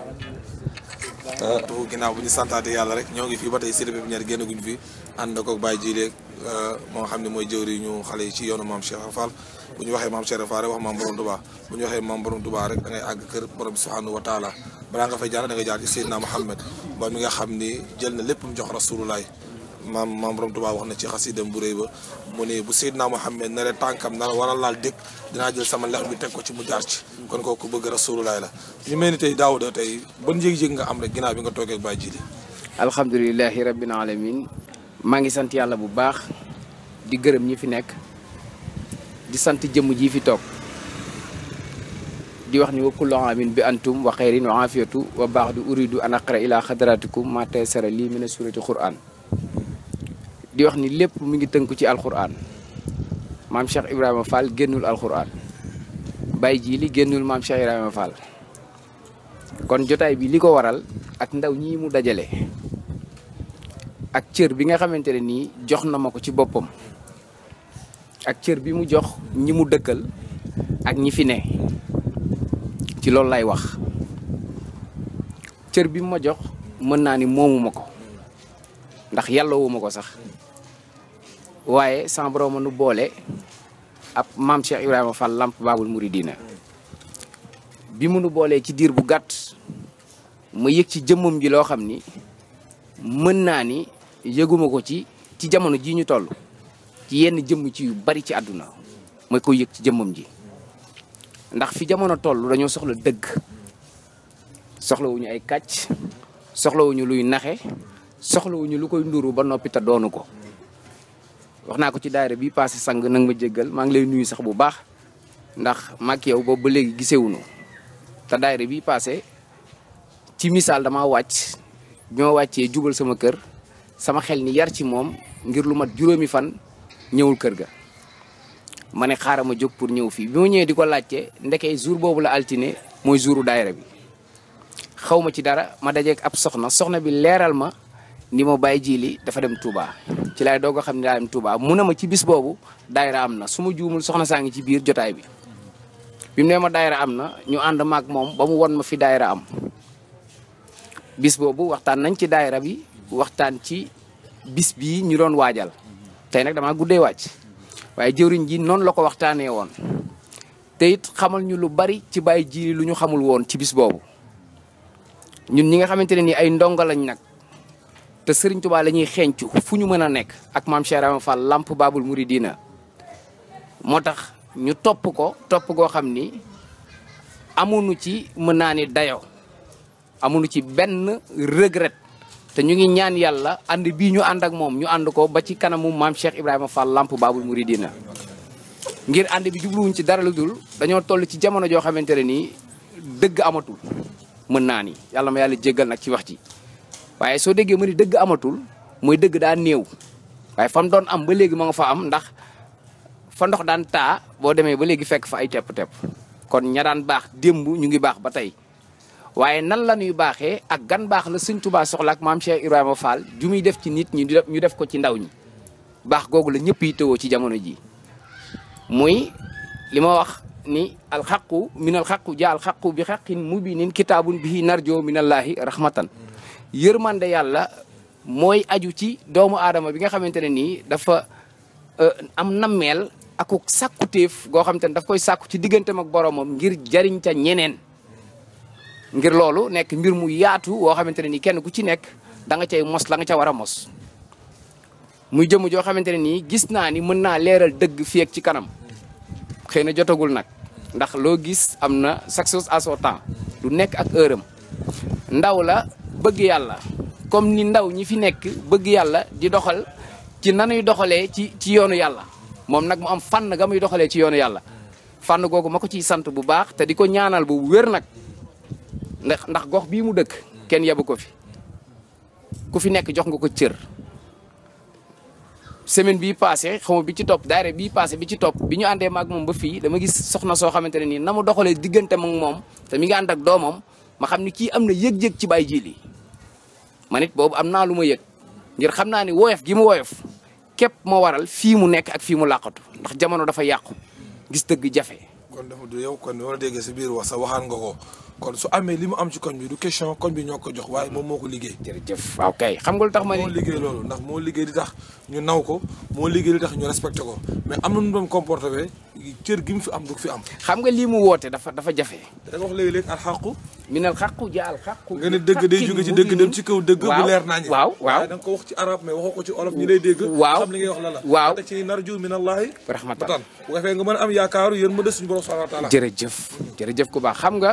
tu ginnaaw bu ñu santaate yàlla rek ñoo ngi fii ba tey Cité Pépinière génnaguñ fi ànd ko Baye Jilé euh, moo nga xam ne mooy jëwriñu xale yi ci yoonu maam Cheikh Fall bu ñu waxee maam Cheikh Rafa rek wax maam borom Touba bu ñu waxee maam borom Touba rek da ngay àgg kër borom subhanahu wa taala balaa nga fay jaar a ngay jaar ci Seydina Muhammad ba mi nga xam ni jël na lépp mu jox rasulullahi maam maam borom Touba wax na ci xasidam bu réy ba mu ne bu Seydina Muhammad nare tànkam na war a laal dëkk dinaa jël sama lex bi teg ko ci mu jaar ci kon ko bëgg rasulullahi la ñu mel ni tey daawuda tey ban yëg-yëg nga am rek ginnaaw bi nga toogee ak Baye Djily alhamdulilahi rabbil alamin maa ngi sant yàlla bu baax di gërëm ñi fi nekk di sant jëmm ji fi toog di wax ni wa kullu amin bi antum wa xayrin wa afiyatu wa baax du uridu an aqra ila xadratikum ma taysara lii mina surati quran di wax ni lépp mu ngi tënku ci alquran maam Cheikh Ibrahima Fall génnul alquran Baye Jili génnul maam Cheikh Ibrahima Fall kon jotaay bi li ko waral ak ndaw ñii mu dajale ak cër bi nga xamante ne nii jox na ma ko ci boppam ak cër bi mu jox ñi mu dëkkal ak ñi fi ne ci loolu lay wax cër bi ma jox mën naa ni moomuma ko ndax yàlla ko sax waaye sans borom nu boole ab maam Cheikh Ibrahima Fall Lamp Baabul Muridina bi mu nu boolee ci diir bu gàtt ma yëg ci jëmmam ji loo xam ni mën naa ni yëguma ko ci ci jamono ji ñu toll ci yenn jëmm ci yu bari ci àdduna mooy koy yëg ci jëmmam ji ndax fi jamono toll dañoo soxla dëgg soxlawuñu ay kàcc soxlawuñu luy naxe soxlawuñu lu koy nduru ba noppi te doonu ko wax naa ko ci daayira bi passé sang nag ma jéggal maa ngi lay nuyu sax bu baax ndax maak yow boobu ba léegi gisewuñu te daayira bi passé ci misaal dama wàcc ñoo wàccee jubal sama kër sama xel ni yar ci moom ngir lu mat juróomi fan ñëwul kër ga ma ne xaaral ma jóg pour ñëw fii bi ma ñëwee di ko laajte ndekee jour boobu la altine mooy jouru daayira bi xaw ma ci dara ma dajeeg ab soxna soxna bi leeral ma ni ma bàyyi jiili dafa dem Touba ci laay doog a xam ne daa dem Touba mu ma ci bis boobu daayira am na su ma juumul soxna saa ngi ci biir jotaay bi bi mu ne ma daayira am na ñu ànd maag moom ba mu won ma fi daayira am bis boobu waxtaan nañ ci dayra bi waxtaan ci bis bi ñu doon waajal tey nag dama guddee wàcc waaye jëwriñ ji noonu la ko waxtaanee woon te it xamal ñu lu bari ci bàyyi ji lu ñu xamul woon ci bis boobu ñun ñi nga xamante ne ni ay ndongo lañ nag te Serigne Touba la ñuy fu ñu mën a nekk ak maam Cheikh Rahma Fall lamp Babul Mouridina moo tax ñu topp ko topp goo xam ni amuñu ci mën naa ni dayo amuñu ci benn regret. te ñu ngi ñaan yàlla ànd bii ñu ànd ak moom ñu ànd ko ba ci kanamu maam Cheikh Ibrahima Fall Lamp Baabul Muridina ngir ànd bi jubluwuñ ci dara lu dul dañoo toll ci jamono joo xamante ne nii dëgg amatul mën naa ni yàlla yàlla jéggal nag ci wax ji waaye soo déggee ma ni dëgg amatul mooy dëgg daa néew waaye fam doon am ba léegi ma nga fa am ndax fa ndox daan taa boo demee ba léegi fekk fa ay tepp-tepp kon ña daan baax démb ñu ngi baax ba tey waaye nan la ñuy baaxee ak gan baax la sëñ Tuubaa soxla ak maam Cheikh Ibrahima Fall ju muy def ci nit ñi ñu def ko ci ndaw ñi baax googu la ñëpp yi ci jamono ji muy li ma wax ni alxaqu min alxaqu ja alxaqu bi xaqin mubinin kitaabun bihi narjo minallaahi rahmatan yërmande yàlla mooy aju ci doomu aadama bi nga xamante ne nii dafa euh, am nammeel aku sàkkutéef goo xamante ne daf koy sàkku ci digganteem ak boromam ngir jariñ ca ñeneen ngir loolu nekk mbir mu yaatu woo xamante ne ni kenn ku ci nekk danga nga cay mos la nga ca war a mos muy jëm joo xamante ne nii gis naa ni mën naa leeral dëgg fii ci kanam xëy na jotagul nag ndax loo gis am na chaque chose à son temps du nekk ak heure am ndaw la bëgg yàlla comme ni ndaw ñi fi nekk bëgg yàlla di doxal ci nanuy doxalee ci ci yoonu yàlla moom nag mu am fànn ga muy doxalee ci yoonu yàlla fànn googu ma ko ciy sant bu baax te di ko ñaanal bu wér nag ndax ndax gox bii mu dëkk kenn yebu ko fi ku fi nekk jox nga ko cër semaine bii passé xaw ma bi ci topp daayira bii passé bi ci topp bi ñu àndee maag moom ba fii dama gis soxna soo xamante ne nii na mu doxalee diggante mag moom te mi ngi ànd ak doomam ma xam ni kii am na yëg-yëg ci Baye Djily man it boobu am naa lu ma yëg ngir xam naa ni woyof gi mu woyof képp ma waral fii mu nekk ak fii mu làqatu ndax jamono dafa yàqu gis dëgg jafe kon dafa du yow kon a waxaan nga ko kon su amee li mu am ci koñ bi du question koñ bi ñoo ko jox waaye moom moo ko liggéey. jërëjëf waaw xam nga lii mu woote dafa jafe. da nga wax léegi-léegi alxaqu. min alxaqu ja alxaqu. nga dëgg day jóge ci dëgg dëgg. bu leer naa waaw waaw da nga ko wax ci arab mais waxoo ko ci olof ñi lay dégg. waaw xam la la. waaw da ci narju min allahi rahmatan bu nga mën a am yaakaaru yéen ma des suñu subhaanahu wa taala jërëjëf jërëjëf ku baax xam nga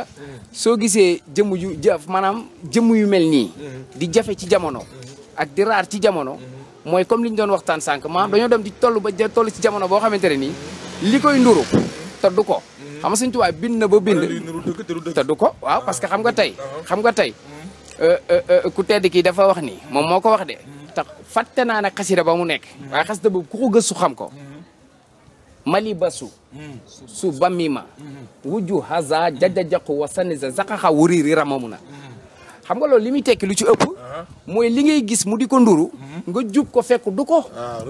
soo gisee jëmm yu jaf maanaam jëmm yu mel nii di jafe ci jamono ak di raar ci jamono mooy comme li ñu doon waxtaan sànq maanaam dañoo dem di toll ba toll ci jamono boo xamante ne nii li koy nduru te ko xam nga Sëñ Tuubaa bind na ba bind te ko waaw parce que xam nga tey xam nga tey mm-hmm. euh, euh, euh, ku tedd kii dafa wax ni moom moo ko wax de tax fàtte naa ne xasida ba mu nekk waaye xasida boobu ku ko gëstu xam ko malibasu su bamima wuju haza jajajaqu wasanisa zaqaxa wuriri na xam nga loolu li muy tekki lu ci ëpp mooy li ngay gis mu di ko nduru nga jub ko fekk du ko ah,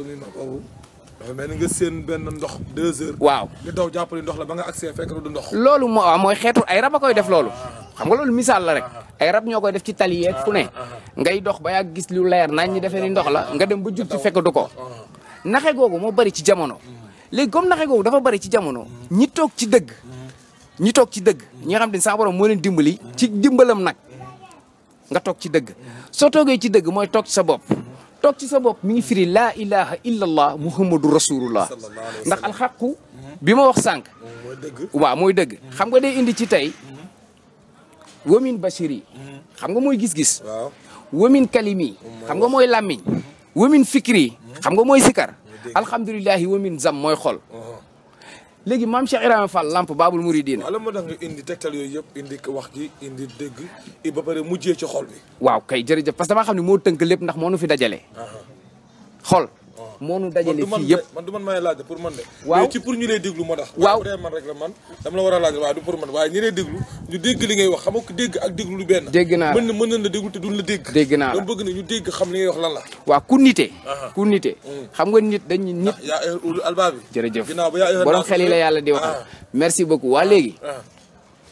dafa ni nga seen benn ndox deux heures. waaw nga jàppale ndox la ba nga accès fekk ndox. loolu moo mooy xeetu ay rab koy def loolu. Ah, ah, xam nga loolu misaal la rek. ay rab ñoo koy def ci tali ku ne. ngay dox ba yàgg gis lu leer nañ ñi defee ni ndox la nga dem ba jug ci fekk du ko. naxe googu moo bari ci jamono. Mm. léegi comme naxe googu dafa bari ci jamono ñi toog ci dëgg ñi toog ci dëgg ñi xam ne saa borom moo leen dimbali ci dimbalam nag nga toog ci dëgg soo toogee ci dëgg mooy toog ci sa bopp toog ci sa bopp mi ngi firi laa ilaha illa allah muhammadu rasulullah ndax alxaqu bi ma wax sànq waaw mooy dëgg xam nga day indi ci tey wamin bashiri xam nga mooy gis-gis wamin kalimi xam nga mooy làmmiñ wamin fikri xam nga mooy sikar alhamdulilahi wa min zam mooy xol uh-huh. léegi maam Cheikh Ibrahima lamp baabul muridina wala moo tax nga indi tegtal yooyu yëpp indi wax gi indi dégg ba pare mujjee ci xool waaw kay jërëjëf parce que damaa xam ne moo tënk lépp ndax moo nu fi dajale uh-huh. xol moo nu dajale fii yëpp man du man may pour man de pour ñu lay déglu moo tax waaw dee man rek la man dama a laaj waaye du pour man waaye ñi lay déglu ñu dégg li ngay wax xam nga ko dégg ak déglu lu dégg naa mën na mën nañ la déglu te duñ la dégg dégg na ñu dégg xam li ngay wax la waaw ku nite ku nite mm. xam nga nit dañu nit yaa ulul albaab bi jërëjëf borom xel yi la yàlla di wax ah. merci beaucoup waa léegi ah.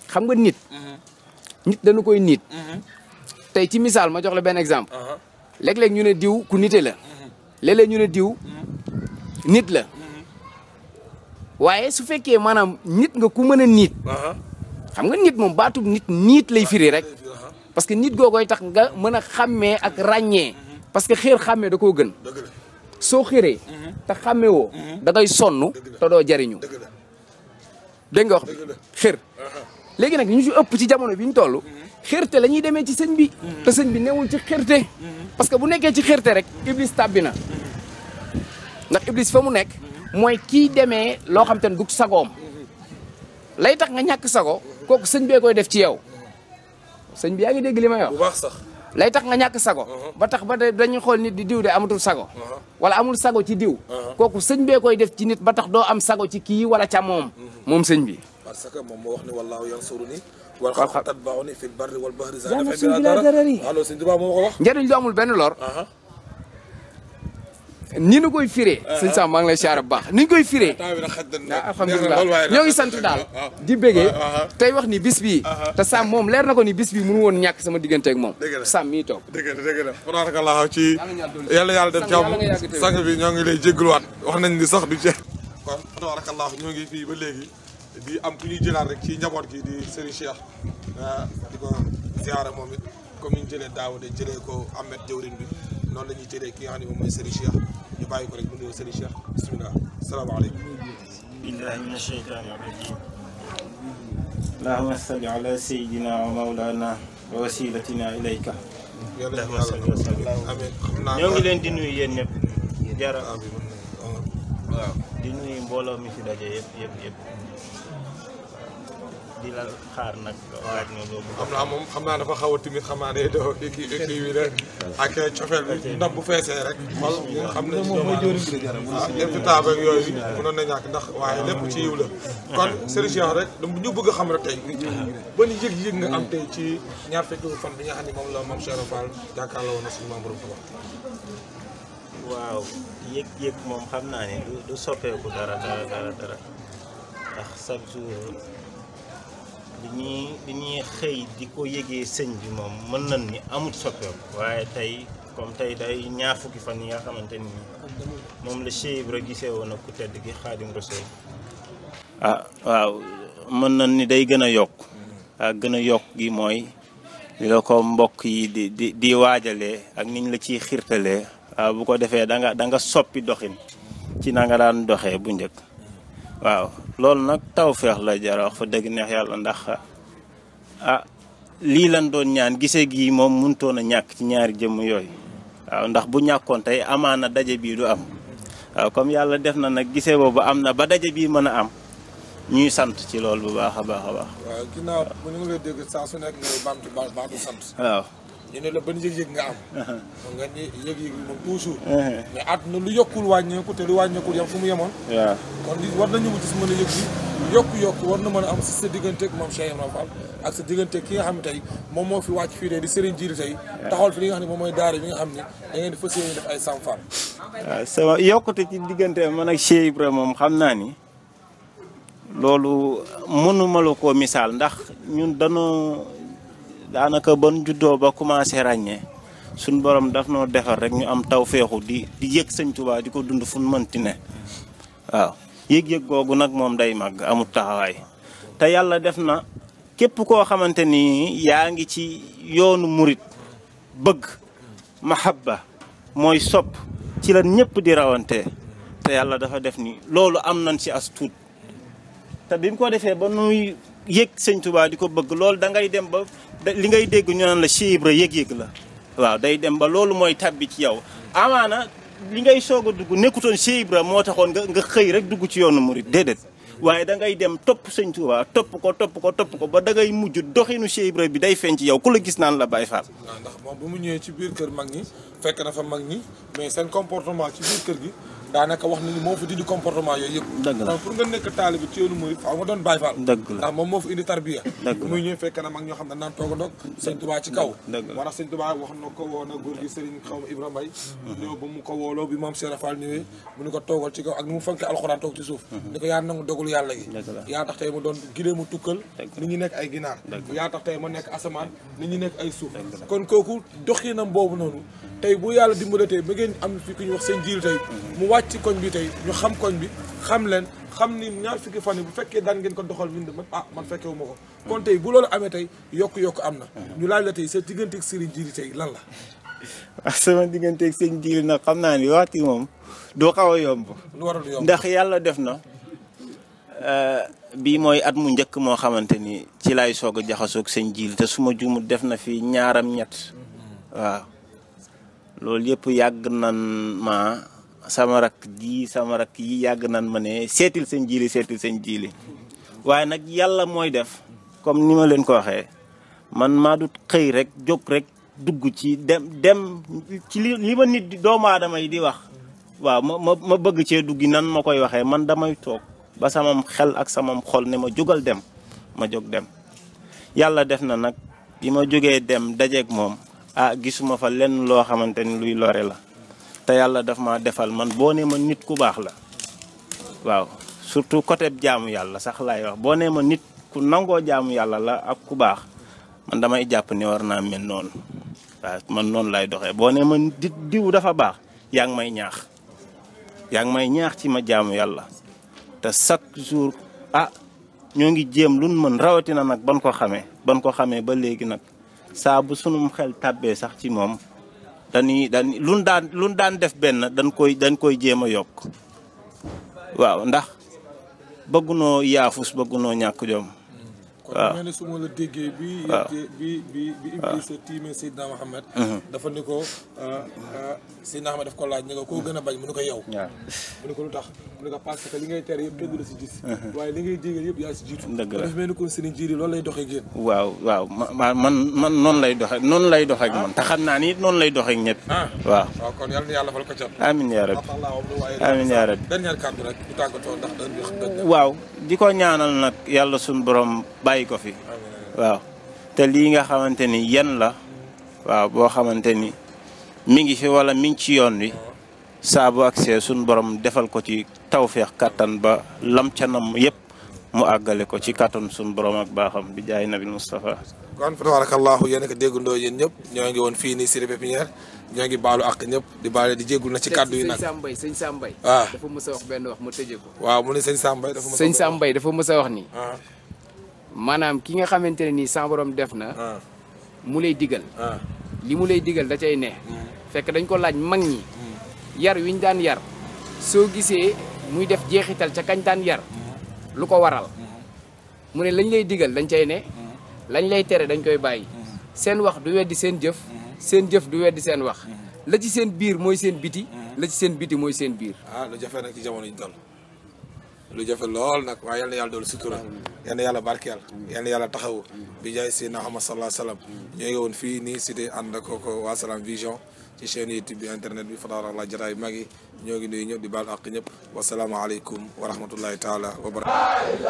xam nga nit mm-hmm. nit dañu koy nit mm-hmm. tey ci misaal ma jox la benn exemple léeg-léeg ñu ne diw ku nite la léeg ñu ne diw mm-hmm. nit la mm-hmm. waaye su fekkee maanaam nit nga ku mën a niit uh-huh. xam nga nit moom baatub nit niit lay firi rek uh-huh. parce que nit googoy tax nga mën a xàmmee ak ràññee mm-hmm. parce que xéer xàmmee da koo gën soo xéree te xàmme woo da ngay sonn te doo jariñu dégg wax bi xér léegi nag ñu ci ëpp ci jamono bi ñu toll xerte la ñuy demee ci sëñ bi te sëñ bi newul ci xerte parce que bu nekkee ci xerte rek iblis tàbbi na ndax iblis fa mu nekk mooy kii demee loo xam te ne du sagoom lay tax nga ñàkk sago kooku sëñ koy def ci yow sëñ bi yaa ngi dégg li may sax lay tax ñàkk sago uh-huh. ba tax ba dañuy xool nit di diw de amatul sago uh-huh. wala amul sago ci diw uh-huh. kooku sëñ bee def ci nit ba tax doo am sago ci kii wala ca moom moom sëñ bi parce que moom moo wax ni wallaahu yansuruni wal xalqu tatba'uni fil barri wal bahri zanafsun bila darari alors Sëñ Tuubaa moo ko wax njëriñ lu benn lor ni nu koy firee sëñ Sam maa ngi lay siyaare bu baax ni ñu koy firee ah, alhamdulilah ñoo ngi sant daal di bëggee tey wax ni bis bii te Sam moom leer na ko ni bis bii mënu woon ñàkk sama digganteeg moom Sam mii toog dëgg la dëgg la fanaarakallah ci yàlla yàlla def jàmm sang bi ñoo ngi lay jégaluwaat wax nañ ni sax du jeex kon fanaarakallah ñoo ngi fii ba léegi di am ku ñuy jëlaat rek ci njaboot gi di Serigne Cheikh ah, di ko ziara moom it comme ni ñu jëlee daaw de jëlee ko Ahmed jëwrin bi noonu la ñuy jëlee ki nga xam ne moom mooy Serigne Cheikh ñu bàyyi ko rek mu nuyoo Serigne Cheikh bisimilah salaamaaleykum. billahi min asheytaani rajim allahuma salli ala sayidina wa maulana wa wasilatina ilayka ñoo ngi leen di nuyu yéen di nuyu mbooloo mi fi daje yëpp yëpp di la xaar nag. waaw xam naa moom xam xaw a timide xam naa ne doo kii kii bi rek ak cofeel bi ndab bu feesee rek. xol ñu xam ne moom mooy jëriñ bi la jar yooyu mënoon na ñàkk ndax waaye lépp ci yiw la. kon Serigne rek ñu bëgg a xam rek tey. ban yëg-yëg nga am tey ci ñaar fekk fan bi nga xam moom la moom Cheikh Fall jàkkaarloo na suñu membre bu waaw yëg-yëg moom xam naa ne du soppeeku dara dara dara ndax chaque jour. bi ñuy ñuy xëy di ko yëgee sëñ bi moom mën nañ ni amut soppeeku waaye tey comme tey day ñaar fukki fan yi nga xamante ni moom la Cheikh Ibra woon ak ku tedd gi Xaadim Rasuul ah waaw mën nañ ni day gën a yokk ah gën a yokk gi mooy di la ko mbokk yi di di di waajalee ak niñ la ciy xiirtalee ah, bu ko defee danga nga soppi doxin ci na nga daan doxee bu njëkk waaw loolu nag taw feex la jara wax fa dëgg neex yàlla ndax ah lii lan doon ñaan gise gii moom mënutoon a ñàkk ci ñaari jëmm yooyu waaw ndax bu ñàkkoon tey amaana daje bii du am waaw comme yàlla def na nag gise boobu am na ba daje bii mën a am ñuy sant ci lool bu baax a baax a baax. waaw. ñu ne la ban yëg-yëg nga am. xam nga ni yëg-yëg bi eh. lu yokkul wàññeeku te lu wàññeeku yam fu mu yemoon. waaw kon li war nañu wuti si mën a yëg bi yokku-yokk war na mën a am si sa digganteeg moom Cheikh Ibrahima Fall ak sa digganteeg ki nga xam tey moom moo fi wàcc fii de di Serigne Djily tey li nga xam ne moom mooy daara bi nga xam ne da ngeen di fas yéene ay Sam yokkute ci diggante man ak Cheikh Ibrahima moom xam naa ni loolu mënuma la ko misaal ndax ñun danoo daanaka ban juddoo ba commencé ràññee suñ borom daf noo defar rek ñu am taw feexu di di yëg sëñ Tuubaa di ko dund fu mu mënti ne waaw yëg-yëg googu nag moom day màgg amul taxawaay te yàlla def na képp koo xamante ni yaa ngi ci yoonu murit bëgg mahabba mooy sopp ci la ñëpp di rawante te yàlla dafa def ni loolu am nañ si as tuut te bi mu ko defee ba nuy yéeg sëñ Touba di ko bëgg loolu dangay dem ba li ngay dégg ñu naan la Cheikh Ibra yëg la waaw day dem ba loolu mooy tabbi ci yow amaana li ngay soog a dugg nekkutoon Cheikh moo taxoon nga nga xëy rek dugg ci yoonu murit déedéet waaye da ngay dem topp sëñ Touba topp ko topp ko topp ko ba dangay ngay mujj doxinu Cheikh bi day feeñ ci yow ku la gis naan la Baye Fall. waaw ndax moom bu mu ñëwee ci biir kër mag ñi fekk na fa mag ñi mais seen comportement ci biir kër gi. daanaka wax nañu moo fa dindi comportement yooyu yëpp dëgg la pour nga nekk taalibe ci yoonu muy faaw nga doon Baay Faal dëgg la ndax moom moo fa indi tarbiya muy ñëw fekk na mm-hmm. mu mm-hmm. nekk ay ginaar yaa tax tey ma nekk asamaan nit ñi nekk ay suuf kon kooku doxinam boobu noonu tey bu yàlla dimbalatee ba ngeen am fi ku ñu wax seen jiil tey wàcc koñ bi tey ñu xam koñ bi xam leen xam ni ñaar fukki fan yi bu fekkee daan ngeen ko doxal wind man ah man fekkee wu ma ko kon tey bu loolu amee tey yokku-yokku am na ñu laaj la tey sa digganteeg Serigne Djily tey lan la waaw ah, sama digganteeg Serigne Djily nag xam naa ni waxti moom du xaw a yomb lu waral yomb ndax yàlla def na eh, bii mooy at mu njëkk moo xamante ni ci laay soog a jaxasoog Serigne Djily te su ma def na fi ñaaram ñett waaw loolu yëpp yàgg nan ma sama rak ji sama rak yi yàgg nan ma ne seetil seen jiili seetil seen jiili waaye nag yàlla mooy def comme ni ma leen ko waxee man maa du xëy rek jóg rek dugg ci dem dem ci li li ma nit di doomu aadama yi di wax waaw ma ma ma bëgg cee duggi nan ma koy waxee man damay toog ba samam xel ak samam xol ne ma jógal dem ma jóg dem yàlla def na nag bi ma jógee dem dajeeg moom ah gisuma fa lenn loo xamante ni luy lore la te yàlla daf ma defal man boo ne ma nit ku baax la waaw surtout côté jaamu yàlla sax laay wax boo nee ma nit ku nangoo jaamu yàlla la ak ku baax man damay jàpp ni war naa mel noonu waaw man noonu lay doxee boo ne ma di diw dafa baax yaa ngi may ñaax yaa ngi may ñaax ci ma jaamu yàlla te chaque jour ah ñoo ngi jéem luñ mën rawatina nag ban ko xamee ban ko xamee ba léegi nag saa sunum xel tàbbee sax ci moom dañuy dañ daan luñ daan def benn dañ koy dañ koy jéem a yokk waaw ndax bëggunoo yaafus bëggunoo ñàkk jom waaw kon su ma la déggee bi. waaw bi bi bi Iblis mhm. ko ah, ah, Seydina Mohamed daf ko laaj ne ko koo gën a bañ mu ne ko yow. ko lu tax mu ne ko li ngay tere yëpp la si gis. Mhm. waaye li ngay déggal yëpp yaa si jiitu. dëgg la dafa lay doxee génn. waaw ma man man noonu lay doxee noonu lay doxee ak man ah. te xam naa ni noonu lay doxee ak ñëpp. waaw waaw ko cat. amiin yaa rabbi amiin yaa rabbi. dernier kàddu rek bu tàggatoo ndax waaw di ko ñaanal nag yàlla suñu borom bàyyi bàyyi ko fi waaw te lii nga xamante ni yan la waaw boo xamante ni mi ngi fi wala mi ngi ci yoon wi saa bu agsee suñ borom defal ko ci tawfeex kattan ba lam ca nam yëpp mu àggale ko ci kattan suñ borom ak baaxam bi jaay nabil Moustapha. kon fa tabarakallahu yéen a ko déggandoo yéen ñëpp ñoo ngi woon fii nii si pépinière ñoo ñëpp di baale di jéggul na ci kàddu yi nag sëñ Sambay sëñ Sambay. Ah. dafa mës a wax sëñ Sambay dafa mës a wax sëñ Sambay dafa mës a wax nii. Ah. maanaam ki nga xamante ne nii sa borom def na. Ah. mu lay digal. Ah. li mu lay digal da cay ne. Mm. fekk dañ ko laaj mag ñi. Mm. yar wiñ daan yar. soo gisee muy def jeexital ca kañ daan yar. Mm. lu ko waral. mu ne lañ lay digal dañ cay ne. lañ lay tere dañ koy bàyyi. seen wax du weddi seen jëf. seen jëf du weddi seen wax. la ci seen biir mooy seen biti. la ci seen biti mooy seen biir. ah lu jafe nag ci jamono yi toll lu jafe lool nag waaye yal na yàlla doolu sutura yal na yàlla barkeel yal na yàlla taxawu bi jaay Seydina Muhammad sallallahu alayhi wa sallam ñoo ngi woon fii nii cité ànd ak ko waa Salam Vision ci chaîne YouTube bi internet bi fataarallah jataay mag yi ñoo ngi nuyu ñëpp di baal àq ñëpp wasalaamaaleykum wa rahmatullahi taala wa barakaatu